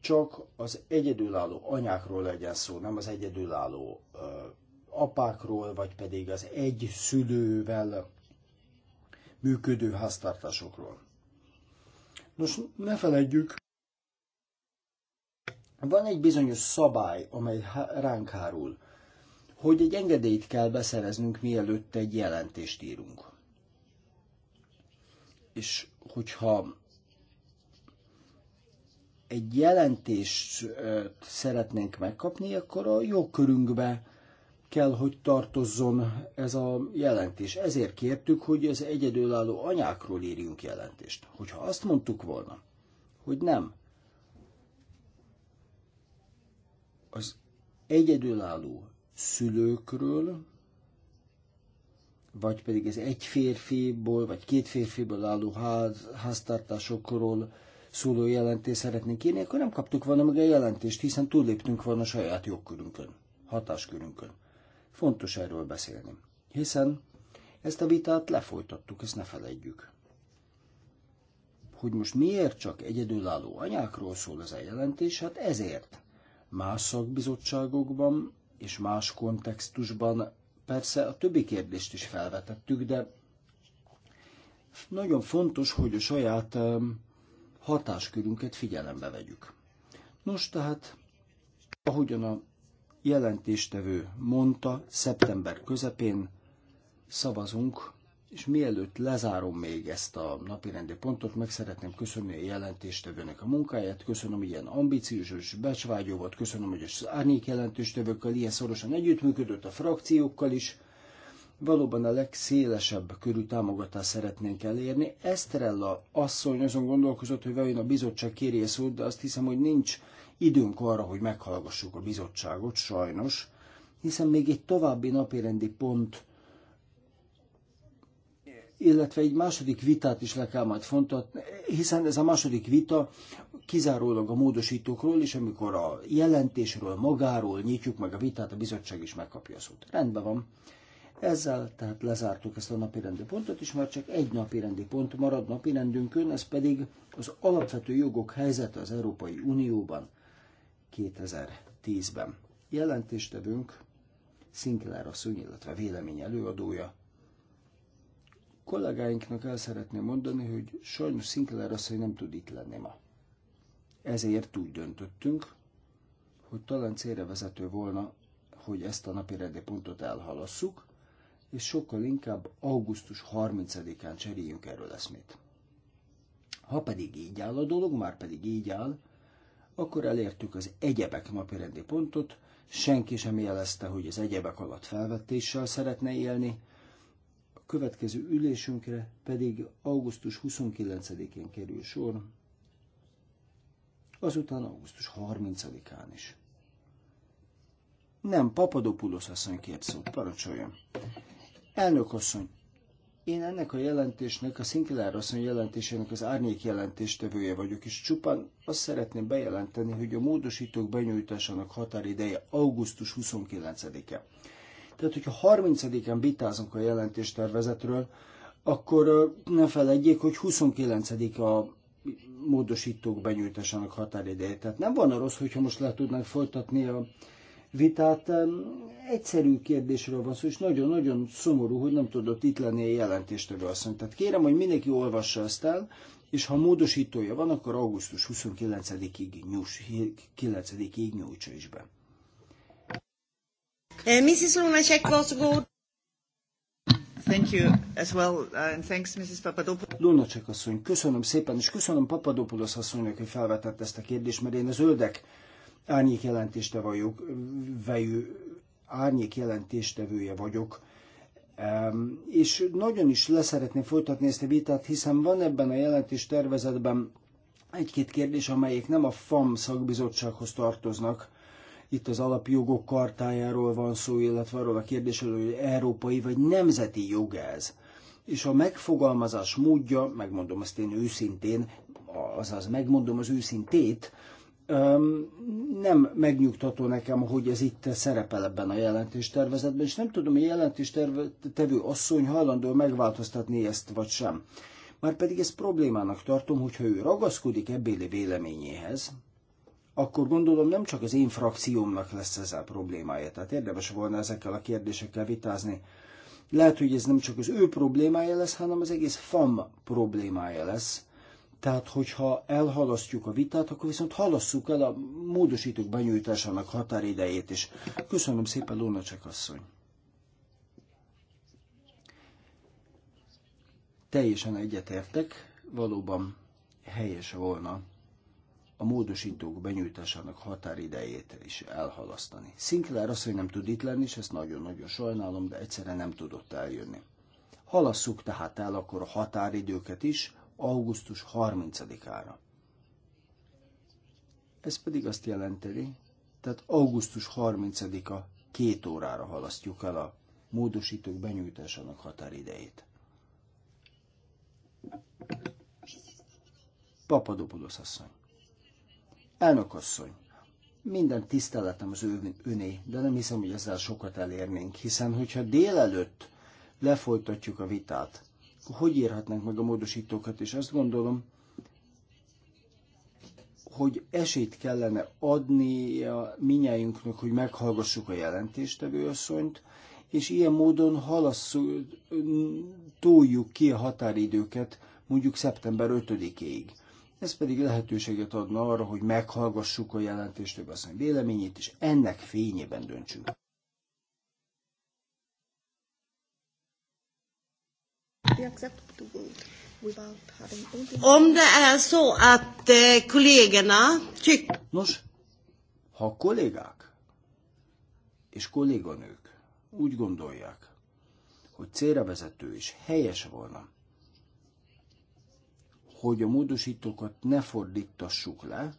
Speaker 1: csak az egyedülálló anyákról legyen szó, nem az egyedülálló apákról, vagy pedig az egy szülővel működő háztartásokról. Nos, ne feledjük, van egy bizonyos szabály, amely ránk hárul, hogy egy engedélyt kell beszereznünk, mielőtt egy jelentést írunk. És hogyha egy jelentést szeretnénk megkapni, akkor a jogkörünkbe kell, hogy tartozzon ez a jelentés. Ezért kértük, hogy az egyedülálló anyákról írjunk jelentést. Hogyha azt mondtuk volna, hogy nem, az egyedülálló szülőkről, vagy pedig az egy férfiból, vagy két férfiból álló ház, háztartásokról szóló jelentést szeretnénk írni, akkor nem kaptuk volna meg a jelentést, hiszen túlléptünk volna a saját jogkörünkön, hatáskörünkön. Fontos erről beszélni, hiszen ezt a vitát lefolytattuk, ezt ne felejtjük. Hogy most miért csak egyedülálló anyákról szól ez a jelentés, hát ezért más szakbizottságokban és más kontextusban persze a többi kérdést is felvetettük, de nagyon fontos, hogy a saját hatáskörünket figyelembe vegyük. Nos, tehát, ahogyan a jelentéstevő mondta, szeptember közepén szavazunk és mielőtt lezárom még ezt a napirendi pontot, meg szeretném köszönni a jelentéstevőnek a munkáját, köszönöm, hogy ilyen ambiciózus, és becsvágyó volt, köszönöm, hogy az árnyék jelentéstevőkkel ilyen szorosan együttműködött, a frakciókkal is. Valóban a legszélesebb körű támogatást szeretnénk elérni. Eszterella asszony azon gondolkozott, hogy vajon a bizottság kérje szót, de azt hiszem, hogy nincs időnk arra, hogy meghallgassuk a bizottságot, sajnos, hiszen még egy további napirendi pont illetve egy második vitát is le kell majd fontatni, hiszen ez a második vita kizárólag a módosítókról, és amikor a jelentésről, magáról nyitjuk meg a vitát, a bizottság is megkapja a szót. Rendben van. Ezzel tehát lezártuk ezt a napi rendi pontot, és már csak egy napi rendi pont marad napi rendünkön, ez pedig az alapvető jogok helyzete az Európai Unióban 2010-ben. Jelentéstevünk Sinclair asszony, illetve vélemény előadója kollégáinknak el szeretném mondani, hogy sajnos Sinclair asszony nem tud itt lenni ma. Ezért úgy döntöttünk, hogy talán célra vezető volna, hogy ezt a napi pontot elhalasszuk, és sokkal inkább augusztus 30-án cseréljünk erről eszmét. Ha pedig így áll a dolog, már pedig így áll, akkor elértük az egyebek napirendi pontot, senki sem jelezte, hogy az egyebek alatt felvettéssel szeretne élni, következő ülésünkre pedig augusztus 29-én kerül sor, azután augusztus 30-án is. Nem, Papadopoulos asszony kért szót, parancsoljon. Elnök asszony, én ennek a jelentésnek, a Szinkilár asszony jelentésének az árnyék jelentéstevője vagyok, és csupán azt szeretném bejelenteni, hogy a módosítók benyújtásának határideje augusztus 29-e. Tehát, hogyha 30 en vitázunk a jelentéstervezetről, akkor ne felejtjék, hogy 29 a módosítók benyújtásának határideje. Tehát nem van rossz, hogyha most le tudnánk folytatni a vitát. Egyszerű kérdésről van szó, és nagyon-nagyon szomorú, hogy nem tudott itt lenni a jelentéstevő asszony. Tehát kérem, hogy mindenki olvassa ezt el, és ha módosítója van, akkor augusztus 29-ig, nyújts, 9-ig nyújtsa is be.
Speaker 2: Uh, Mrs. Lunacek was good.
Speaker 1: Thank you as well, uh, and thanks Mrs. Papadopoulos. Lunacek asszony, köszönöm szépen, és köszönöm Papadopoulos asszonynak, hogy felvetett ezt a kérdést, mert én a zöldek árnyék jelentéste vagyok, vejű, árnyék jelentéstevője vagyok, um, és nagyon is leszeretném folytatni ezt a vitát, hiszen van ebben a jelentés tervezetben egy-két kérdés, amelyek nem a FAM szakbizottsághoz tartoznak, itt az alapjogok kartájáról van szó, illetve arról a kérdésről, hogy európai vagy nemzeti jog ez. És a megfogalmazás módja, megmondom azt én őszintén, azaz megmondom az őszintét, nem megnyugtató nekem, hogy ez itt szerepel ebben a jelentéstervezetben, és nem tudom, hogy jelentéstevő asszony hajlandó megváltoztatni ezt, vagy sem. Márpedig ezt problémának tartom, hogyha ő ragaszkodik ebbéli véleményéhez, akkor gondolom nem csak az én frakciómnak lesz ezzel problémája. Tehát érdemes volna ezekkel a kérdésekkel vitázni. Lehet, hogy ez nem csak az ő problémája lesz, hanem az egész FAM problémája lesz. Tehát, hogyha elhalasztjuk a vitát, akkor viszont halasszuk el a módosítók benyújtásának határidejét is. Köszönöm szépen, Lunacek asszony! Teljesen egyetértek, valóban helyes volna a módosítók benyújtásának határidejét is elhalasztani. Sinclair azt, hogy nem tud itt lenni, és ezt nagyon-nagyon sajnálom, de egyszerre nem tudott eljönni. Halasszuk tehát el akkor a határidőket is augusztus 30-ára. Ez pedig azt jelenti, tehát augusztus 30-a két órára halasztjuk el a módosítók benyújtásának határidejét. Papadopoulos asszony. Elnök asszony, minden tiszteletem az öné, de nem hiszem, hogy ezzel sokat elérnénk, hiszen hogyha délelőtt lefolytatjuk a vitát, akkor hogy írhatnánk meg a módosítókat, és azt gondolom, hogy esélyt kellene adni a minnyájunknak, hogy meghallgassuk a jelentéstevő asszonyt, és ilyen módon halasszuk, túljuk ki a határidőket mondjuk szeptember 5-ig. Ez pedig lehetőséget adna arra, hogy meghallgassuk a jelentéstől asszony véleményét, és ennek fényében döntsünk. Om det är så att eh, kollegorna Nos, ha kollégák és kolléganők úgy gondolják, hogy célra vezető és helyes volna, hogy a módosítókat ne fordítassuk le,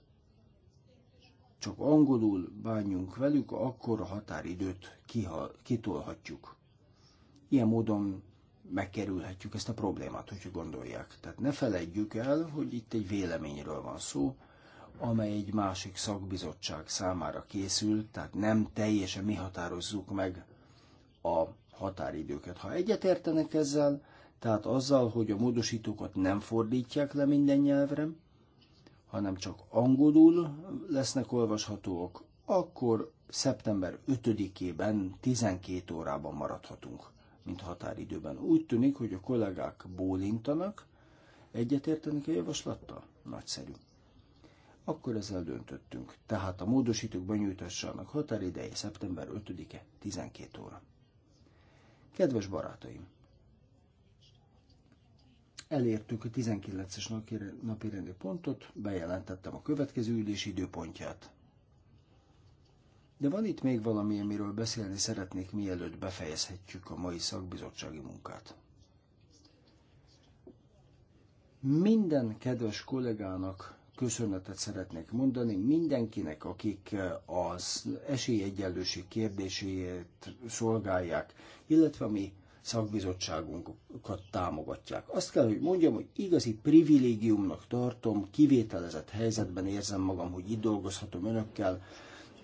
Speaker 1: csak angolul bánjunk velük, akkor a határidőt kihal, kitolhatjuk. Ilyen módon megkerülhetjük ezt a problémát, hogyha gondolják. Tehát ne feledjük el, hogy itt egy véleményről van szó, amely egy másik szakbizottság számára készül, tehát nem teljesen mi határozzuk meg a határidőket. Ha egyetértenek ezzel, tehát azzal, hogy a módosítókat nem fordítják le minden nyelvre, hanem csak angolul lesznek olvashatóak, akkor szeptember 5-ében 12 órában maradhatunk, mint határidőben. Úgy tűnik, hogy a kollégák bólintanak, egyetértenek a javaslattal? Nagyszerű. Akkor ezzel döntöttünk. Tehát a módosítók benyújtassanak határidei szeptember 5-e 12 óra. Kedves barátaim! elértük a 19-es napi rendi pontot, bejelentettem a következő ülés időpontját. De van itt még valami, amiről beszélni szeretnék, mielőtt befejezhetjük a mai szakbizottsági munkát. Minden kedves kollégának köszönetet szeretnék mondani, mindenkinek, akik az esélyegyenlőség kérdését szolgálják, illetve mi szakbizottságunkat támogatják. Azt kell, hogy mondjam, hogy igazi privilégiumnak tartom, kivételezett helyzetben érzem magam, hogy itt dolgozhatom önökkel,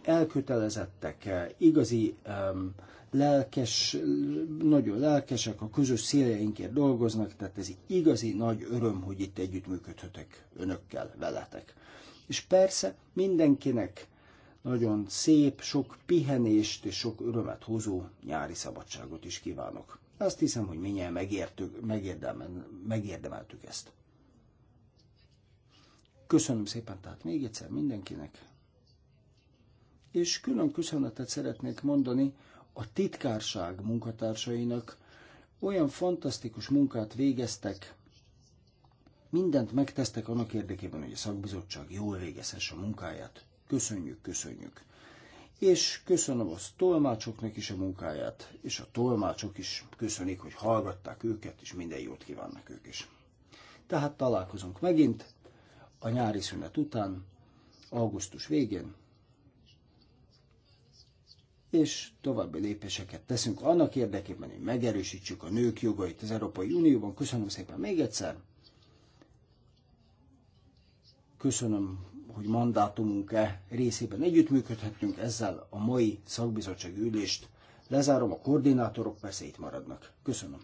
Speaker 1: elkötelezettek, eh, igazi um, lelkes, nagyon lelkesek, a közös céljainkért dolgoznak, tehát ez igazi nagy öröm, hogy itt együttműködhetek önökkel, veletek. És persze mindenkinek nagyon szép, sok pihenést és sok örömet hozó nyári szabadságot is kívánok. Azt hiszem, hogy minél megértük, megérdemeltük ezt. Köszönöm szépen tehát még egyszer mindenkinek. És külön köszönetet szeretnék mondani a titkárság munkatársainak. Olyan fantasztikus munkát végeztek, mindent megtesztek annak érdekében, hogy a szakbizottság jól végezhesse a munkáját. Köszönjük, köszönjük és köszönöm az tolmácsoknak is a munkáját, és a tolmácsok is köszönik, hogy hallgatták őket, és minden jót kívánnak ők is. Tehát találkozunk megint a nyári szünet után, augusztus végén, és további lépéseket teszünk annak érdekében, hogy megerősítsük a nők jogait az Európai Unióban. Köszönöm szépen még egyszer. Köszönöm hogy mandátumunk-e részében együttműködhetünk, ezzel a mai szakbizottság ülést lezárom, a koordinátorok persze itt maradnak. Köszönöm.